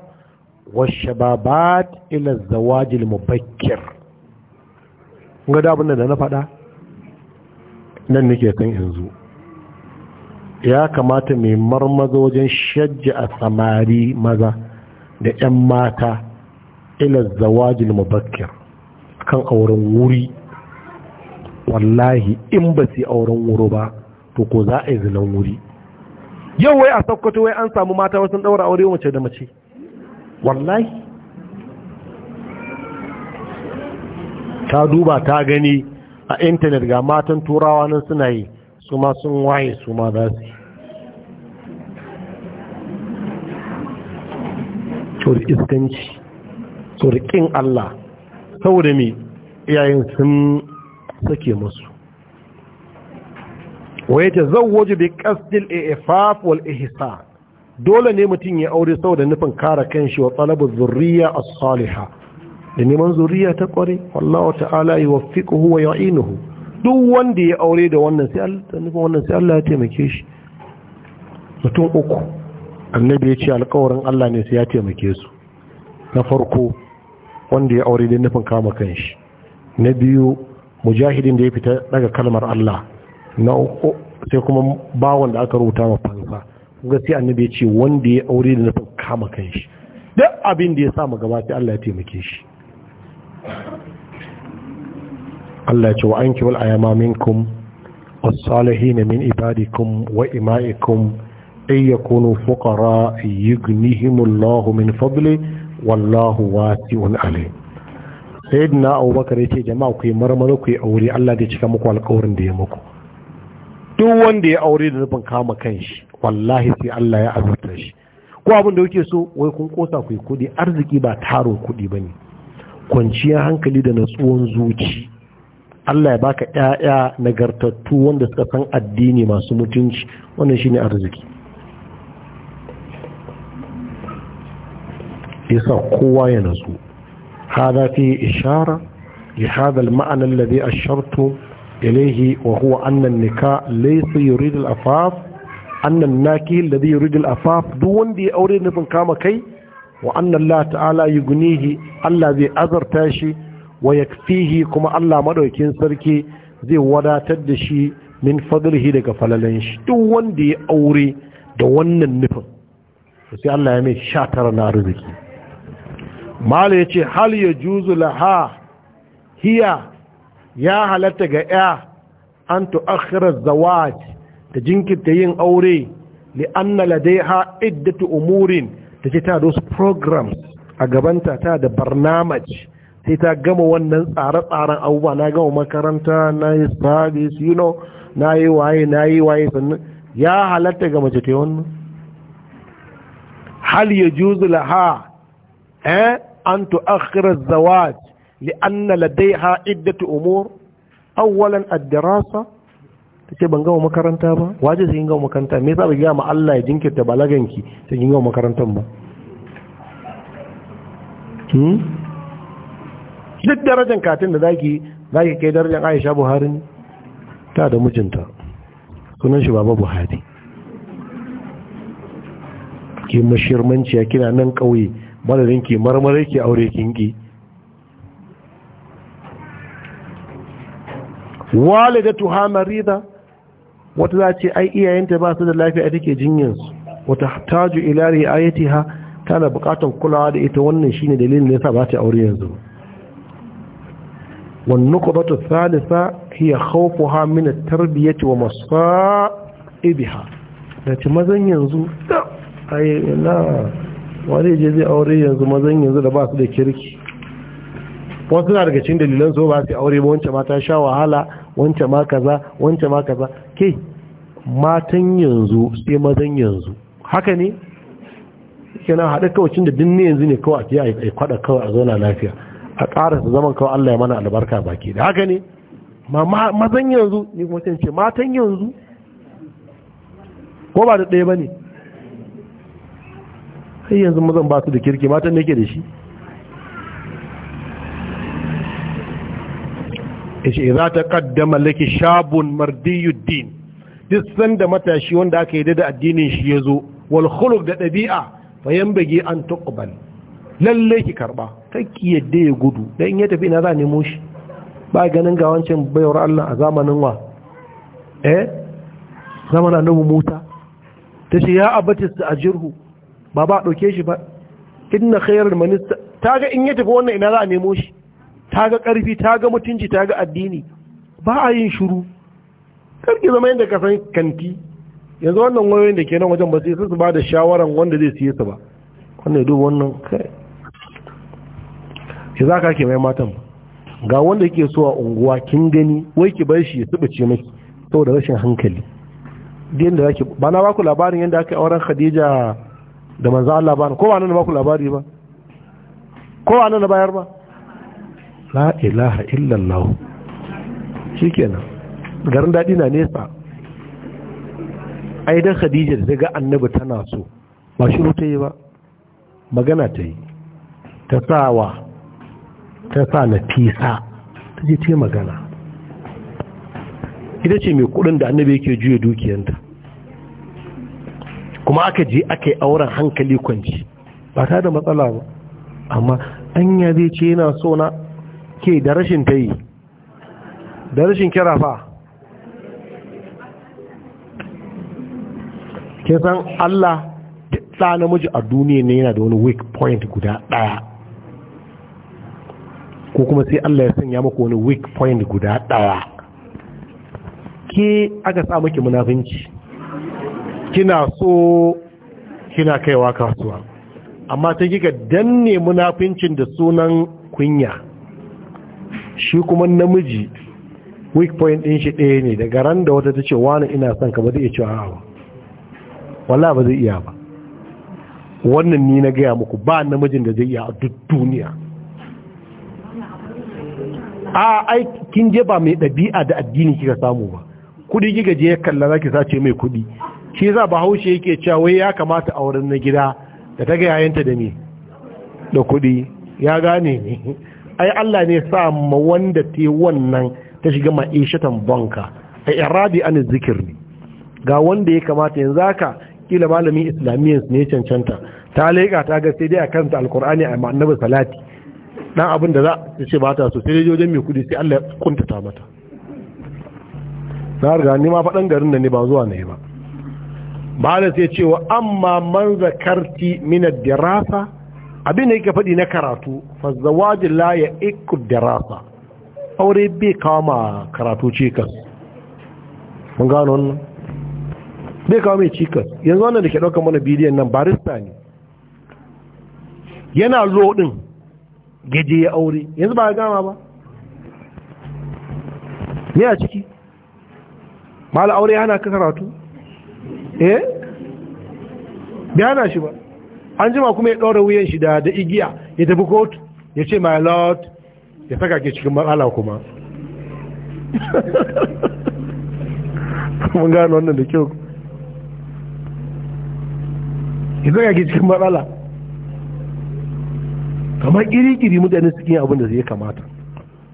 [SPEAKER 2] wa shababat ila zawajil mubakir ga da da na faɗa nan nake kan yanzu ya kamata mai marmaza wajen shajja a samari maza da 'yan mata ila zawajil mubakkir akan auren wuri wallahi in ba su auren wuri ba to ko za a yi zinan wuri yau wai a sakkwato wai an samu mata wasu ɗaura aure mace da mace wallahi ta duba ta gani a intanet ga matan turawa nan suna yi su ma sun waye su ma za su yi iskanci tsorikin Allah saboda mai iyayen sun sake masu waye ta zawwaje bi kastil a wal ihisa. dole ne mutum ya aure saboda nufin kare kanshi wa talabu zurriya as saliha da neman zurriya ta kware wallahu ta'ala yuwaffiquhu wa yu'inuhu duk wanda ya aure da wannan sai Allah wannan sai Allah ya taimake shi mutum uku annabi ya ce alƙawarin Allah ne sai ya taimake su na farko wanda ya aure da nufin kama kanshi na biyu mujahidin da ya fita daga kalmar Allah na uku sai kuma bawon da aka rubuta ma fansa ga sai annabi ya ce wanda ya aure da nufin kama kanshi duk abin da ya sa gaba sai Allah ya taimake shi Allah ya ce wa anki wal ayama minkum والصالحين من عبادكم وإمائكم أن يكونوا فقراء يغنيهم الله من فضله wallahu wasi'un alim sayyidina abubakar ya ce jama'a ku yi marmara ku yi aure allah zai cika muku alkawarin da ya muku duk wanda ya aure da zubin kama kanshi wallahi sai allah ya azurta shi ko abin da kuke so wai kun kosa ku yi kuɗi arziki ba taro kuɗi ba ne kwanciyar hankali da natsuwan zuci allah ya baka 'ya'ya nagartattu wanda suka san addini masu mutunci wannan shine arziki yasa kowa ya nazo hada fi ishara li hada al-ma'na alladhi ashartu ilayhi wa huwa anna an-nikah laysa yurid al-afaf anna an-naki alladhi yurid al-afaf duk wanda ya aure nufin kama kai wa anna Allah ta'ala yugnihi Allah zai azarta shi wa yakfihi kuma Allah madaukin sarki zai wadatar da shi min fadlihi daga falalan shi duk wanda ya aure da wannan nufin sai Allah ya mai 19 na arziki mala ya ce hal ya juzu laha hiya ya halatta ga ya an tu'akhira zawaj ta jinkirta yin aure li anna ladaiha iddatu umurin ta ce ta dos programs a gabanta ta da barnamaj sai ta gama wannan tsare-tsaren abubuwa na gama makaranta na yi service you know na yi waye na yi waye sannan ya halatta ga mace ta wannan hal ya juzu laha eh an تؤخر الزواج لأن لديها عدة أمور أولا الدراسة ad ban gama makaranta ba waje sai gama makaranta me yasa ba ga ma Allah ya jinkirta balaganki sai gama gawo makarantan ba hmm duk darajar katin da zaki zaki kai darajar Aisha Buhari ne ta da mijinta sunan shi baba Buhari ke ya kina nan kauye madadin ki marmarai ki aure kinki walidatu ha marida wata za ce ai iyayenta ba su da lafiya take jinyansu su wata taju ila riayatiha tana bukatun kulawa da ita wannan shine dalilin da yasa ba ta aure yanzu wan nuqbatu thalitha hiya khawfuha min at-tarbiyati wa masa'ibiha da ce mazan yanzu wani je zai aure yanzu mazan yanzu da ba su da kirki wasu na daga cikin dalilan so ba su aure ba wancan ma ta sha wahala wancan ma kaza wancan ma kaza ke matan yanzu sai mazan yanzu haka ne kenan haɗe cin da dinne yanzu ne kawai a yi kwaɗa kawai a zauna lafiya a ƙara su zaman kawai Allah ya mana albarka baki da haka ne mazan yanzu ne kuma ce matan yanzu ko ba da ɗaya ba ne sai yanzu mazan ba su da kirki matan da ke da shi ishe za ta kaddama laki shabun mardiyuddin duk sanda matashi wanda aka yi da addinin shi ya zo wal khuluk da ɗabi'a fayan bage an tuqbal lalle ki karba kakki yadda ya gudu dan ya tafi ina za nemo shi ba ganin ga wancan bayar Allah a zamanin wa eh zamanin annabi Musa tace ya abati sa ajirhu ba ba ɗauke shi ba inna khairar manista ta ga in ya tafi wannan ina za a nemo shi ta ga ƙarfi ta ga mutunci ta ga addini ba a yin shuru karki zama yadda ka san kanti yanzu wannan wayoyin da ke nan wajen ba sai su ba da shawaran wanda zai siye su ba wanda ya duba wannan kai shi za ka ke mai matan ga wanda ke so a unguwa kin gani wai ki bar shi ya subuce maki saboda rashin hankali da yadda zaki ba na baku labarin yadda aka yi auren khadija da manzan Allah ba ko ba nan ba ku labari ba ko ba nan bayar ba la ilaha illallah shikenan garin daɗi na nesa ai da Khadija da ga annabi tana so ba shi ta yi ba magana ta yi ta sawa ta sa na fisa ta je ta yi magana ita ce mai kudin da annabi yake juya dukiyanta kuma aka je aka yi auren hankali kwanci ba ta da matsala ba amma ya zai ce yana so na ke da rashin ta yi da rashin kira fa ke san Allah ɗa namiji a duniya ne yana da wani weak point guda ɗaya ko kuma sai Allah ya sanya maka wani weak point guda ɗaya ke aka sa maki munafinci kina so kina kaiwa kasuwa amma ta kika danne munafincin da sunan kunya shi kuma namiji weak point din shi ɗaya ne daga ran da wata ta ce wani ina son ka ba zai iya a wala ba zai iya ba wannan ni na gaya muku ba namijin da zai iya a duk duniya a ai kin je ba mai ɗabi'a da addini kika samu ba kudi kika je kalla zaki sace mai kudi shi za bahaushe yake cewa wai ya kamata auren na gida da ta ga da ni da kuɗi ya gane ne ai Allah ne sa ma wanda ta wannan ta shiga ma'ishatan banka a iradi an zikir ne ga wanda ya kamata yanzu haka kila malamin islamiyya ne cancanta ta leƙa ta ga sai dai a kanta alkur'ani a annabi salati dan abin da za ta ce ba ta so sai dai wajen mai kudi sai Allah ya kuntata mata na riga ni ma faɗan garin da ne ba zuwa na yi ba malam sai ce wa amma man zakarti min ad-dirasa abin da yake faɗi na karatu fa zawaj la ya iku dirasa aure bai kawo ma karatu cikas mun gano wannan bai kawo mai cikas yanzu wannan da ke ɗaukar mana bidiyon nan barista ne yana lo din gaje ya aure yanzu ba gama ba me a ciki mala aure yana ka karatu eh bi ana shi ba an jima kuma ya ɗora wuyan shi da igiya ya tafi kotu ya ce my lord ya saka ke cikin matsala kuma mun gano wannan da kyau ya saka ke cikin matsala kamar iri-iri mutane suke abin da zai kamata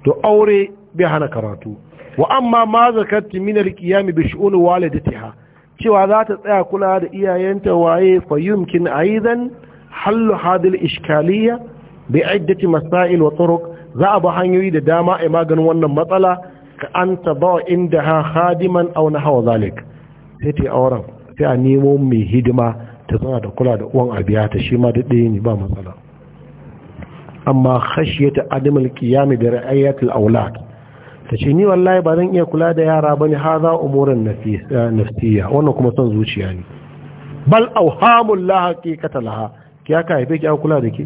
[SPEAKER 2] to aure bai hana karatu wa amma ma zakarti minar kiyami bi shi'un walidatiha cewa za ta tsaya kula da iyayenta waye fa yumkin aidan hallu hadil iskaliya bi iddati masail wa turuq za a ba hanyoyi da dama a maganin wannan matsala ka an taba inda ha khadiman aw hawa zalik sai ta auren sai a nemo mai hidima ta zana da kula da uwan ta shi ma daɗe ne ba matsala amma khashiyata adamul qiyam bi ra'ayatil aulad ta ce ni wallahi ba zan iya kula da yara ba ne haza umurin naftiya eh, wannan kuma son zuciya ne bal auhamun la katalaha laha ki aka haife ki kula da ki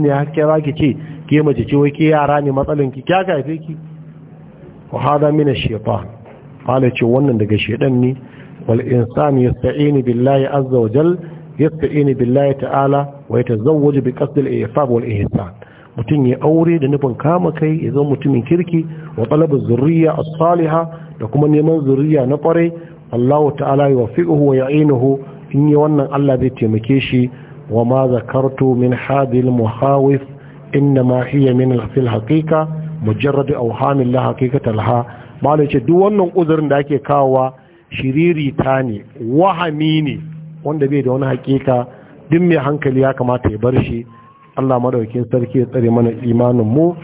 [SPEAKER 2] ne ya hakke ba ki ce ke mace ce wai ke yara ne matsalin ki aka haife ki wa haza min shefa. shaytan ce wannan daga shedan ne wal insanu yasta'inu billahi azza wa jal billahi ta'ala wa yatazawwaju bi qasd al wal ihsan mutum ya aure da nufin kama kai ya zama mutumin kirki wa talabar zuriya a saliha da kuma neman zuriya na kwarai allahu ta'ala ya wafi'uhu wa ya'inuhu in yi wannan allah zai taimake shi wa ma zakartu min hadil muhawif inna ma hiya min fil haqiqa mujarrad awhamin la haqiqata laha malai ce duk wannan uzurin da ake kawowa ta ne wahami ne wanda bai da wani haƙiƙa duk mai hankali ya kamata ya bar shi Allah madaukin sarki ya tsare mana imanin mu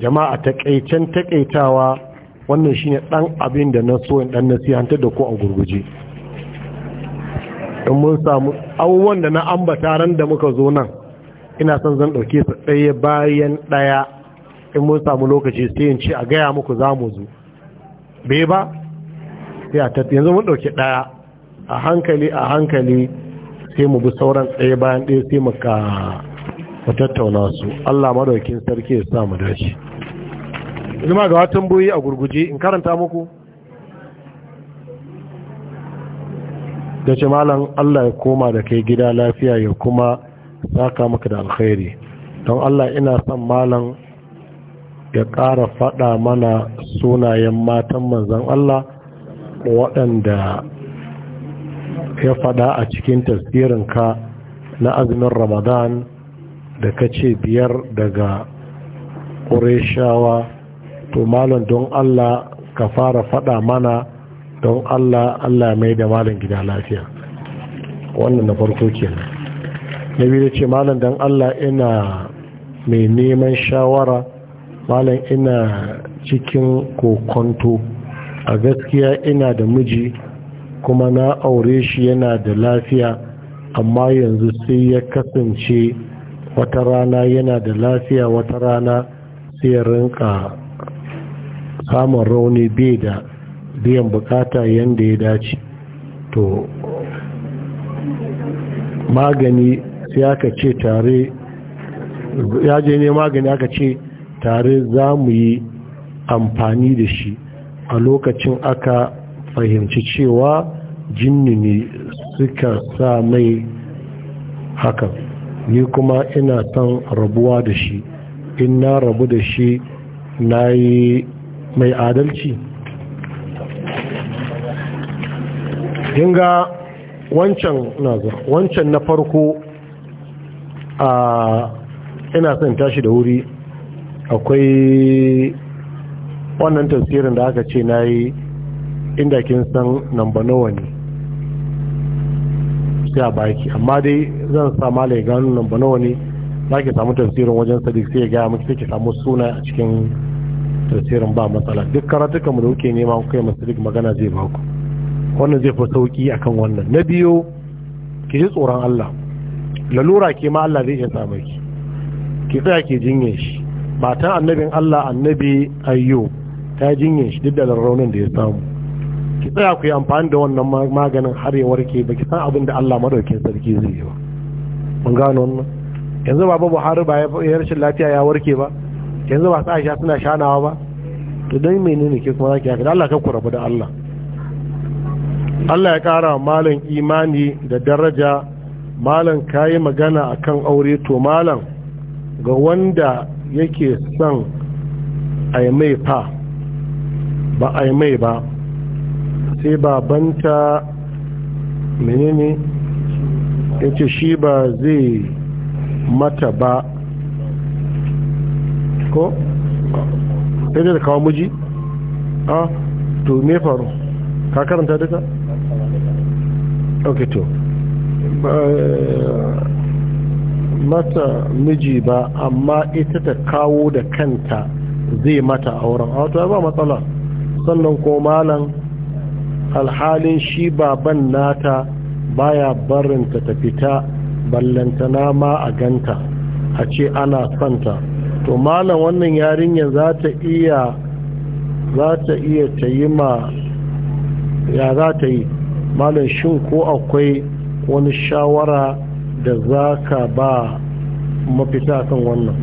[SPEAKER 2] jama'a takaicen takaitawa wannan shine ɗan abin da na so in dan nasihantar da ku a gurguje in mun samu abubuwan da na ambata ran da muka zo nan ina son zan dauke su ɗaya bayan ɗaya in mun samu lokaci sai in ce a gaya muku za mu zo bai ba sai a tafi yanzu mun dauke ɗaya a hankali a hankali sai mu bi sauran ɗaya bayan ɗaya sai mu mu tattauna su Allah madaukin sarki ya sa mu dace kuma ga watan a gurguje in karanta muku da ce malam Allah ya koma da kai gida lafiya ya kuma saka maka da alkhairi don Allah ina son malam ya ƙara faɗa mana sunayen matan manzan Allah waɗanda ya faɗa a cikin tasirinka na azumin Ramadan da ka ce biyar daga ƙureshawa to malam don allah ka fara faɗa mana don allah allah mai da malam gida lafiya wannan na farko kenan na biyu ce malam don allah ina mai neman shawara malam ina cikin kokonto a gaskiya ina da miji kuma na aure shi yana da lafiya amma yanzu sai ya kasance wata rana yana da lafiya wata rana sai ya rinka samun rauni bai da biyan bukata yadda ya dace to magani sai aka ce tare ya je ne magani aka ce tare za mu yi amfani da shi a lokacin aka fahimci cewa jinni ne suka sa mai hakan ni kuma ina son rabuwa da shi in na rabu da shi na yi mai adalci inga wancan na farko a ina son tashi da wuri akwai wannan tasirin da aka ce na yi inda kin san namba nawa ne sai a baki amma dai zan sa malai gano nan ba nawa ne za ki samu tafsirin wajen sadiq sai ya gaya maki sai ki samu suna a cikin tafsirin ba matsala duk karatuka mu da kuke nema ku kai sadiq magana zai ba ku wannan zai fi sauki akan wannan na biyu ki ji tsoron Allah lalura ke ma Allah zai iya samu ki ki tsaya ki jinye shi matan annabin Allah annabi ayyo ta jinye shi duk da raunin da ya samu ki tsaya ku yi amfani da wannan maganin har ya warke baki san abin da Allah madaukin sarki zai yi ba mun gano wannan yanzu baba Buhari ba ya rashin lafiya ya warke ba yanzu ba sa sha suna shanawa ba to dai menene ke kuma zaki haka da Allah ka ku rabu da Allah Allah ya kara malam imani da daraja malam kayi magana akan aure to malam ga wanda yake son a mai fa ba a mai ba sai babanta menene ya ce shi ba zai mata ba ko? sai da kawo miji? a ah, to ne faru ka karanta duka? ok to mata miji ba amma ita ta kawo da kanta zai mata auren a ah, wata ba matsala sannan ko malan alhalin shi baban nata baya barinta ta fita ballantana ma a ganta a ce ana santa to malam wannan yarinyar za ta iya za ta iya ta yi ma ya za ta yi malam shin ko akwai wani shawara da za ka ba mafita kan wannan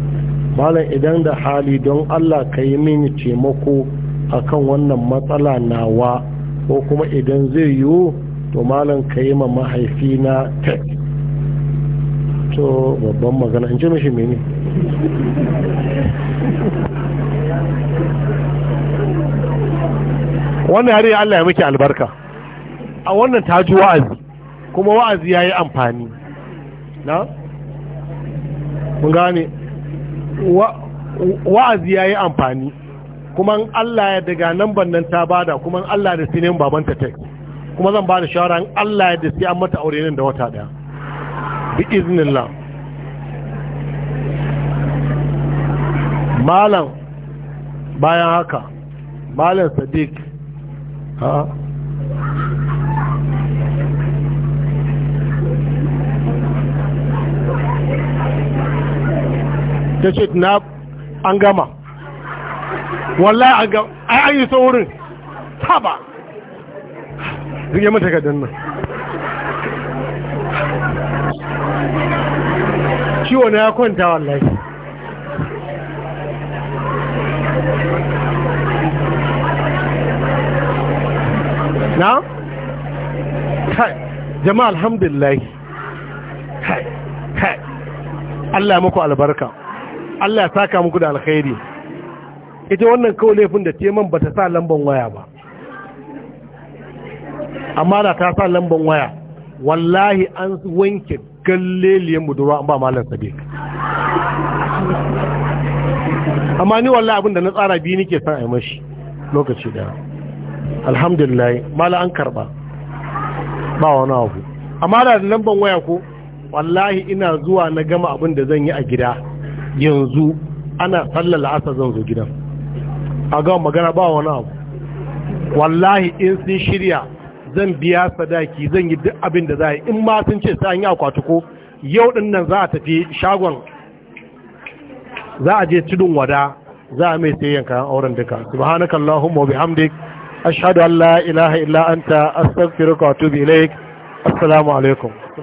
[SPEAKER 2] malam idan da hali don allah ka yi mini taimako akan wannan matsala nawa ko kuma idan zai yiwu to malam ka yi ma mahaifi na tech to babban magana in ce mashi mini wannan yare Allah ya miki albarka a wannan ta ji wa'azi kuma wa'azi ya yi amfani na? mun gane wa'azi ya yi amfani kuma Allah ya daga nan bannan ta bada kuma Allah da sinin babanta tai kuma zan bada shawara in Allah ya da an mata aure nan da wata daya bi iznillah malam bayan haka malam sadiq ha ta ce na an gama wallahi a ga ai an yi saurin haba rike mata kadan nan ciwo na ya kwanta wallahi na? kai jama'a alhamdulillah kai kai Allah ya muku albarka Allah ya saka muku da alkhairi ita wannan kawai laifin da teman ba ta sa lamban waya ba amma da ta sa lamban waya wallahi an wanke galleliyan budurwa an ba malar sabi amma ni wallahi abinda na tsara biyu nike san a mashi lokaci daya alhamdulillah mala an karba ba wani abu amma da lamban waya ko wallahi ina zuwa na gama abinda da zan yi a gida yanzu ana sallar asa zan zo gidan a ga magana ba wani abu wallahi in sun shirya zan biya sadaki zan yi duk abin da za yi in ma sun ce sa yi akwati ko yau din nan za a tafi shagon za a je tudun wada za a mai sayyan kayan auren duka subhanaka allahumma wa bihamdik ashhadu an la ilaha illa anta astaghfiruka wa atubu ilaik assalamu alaikum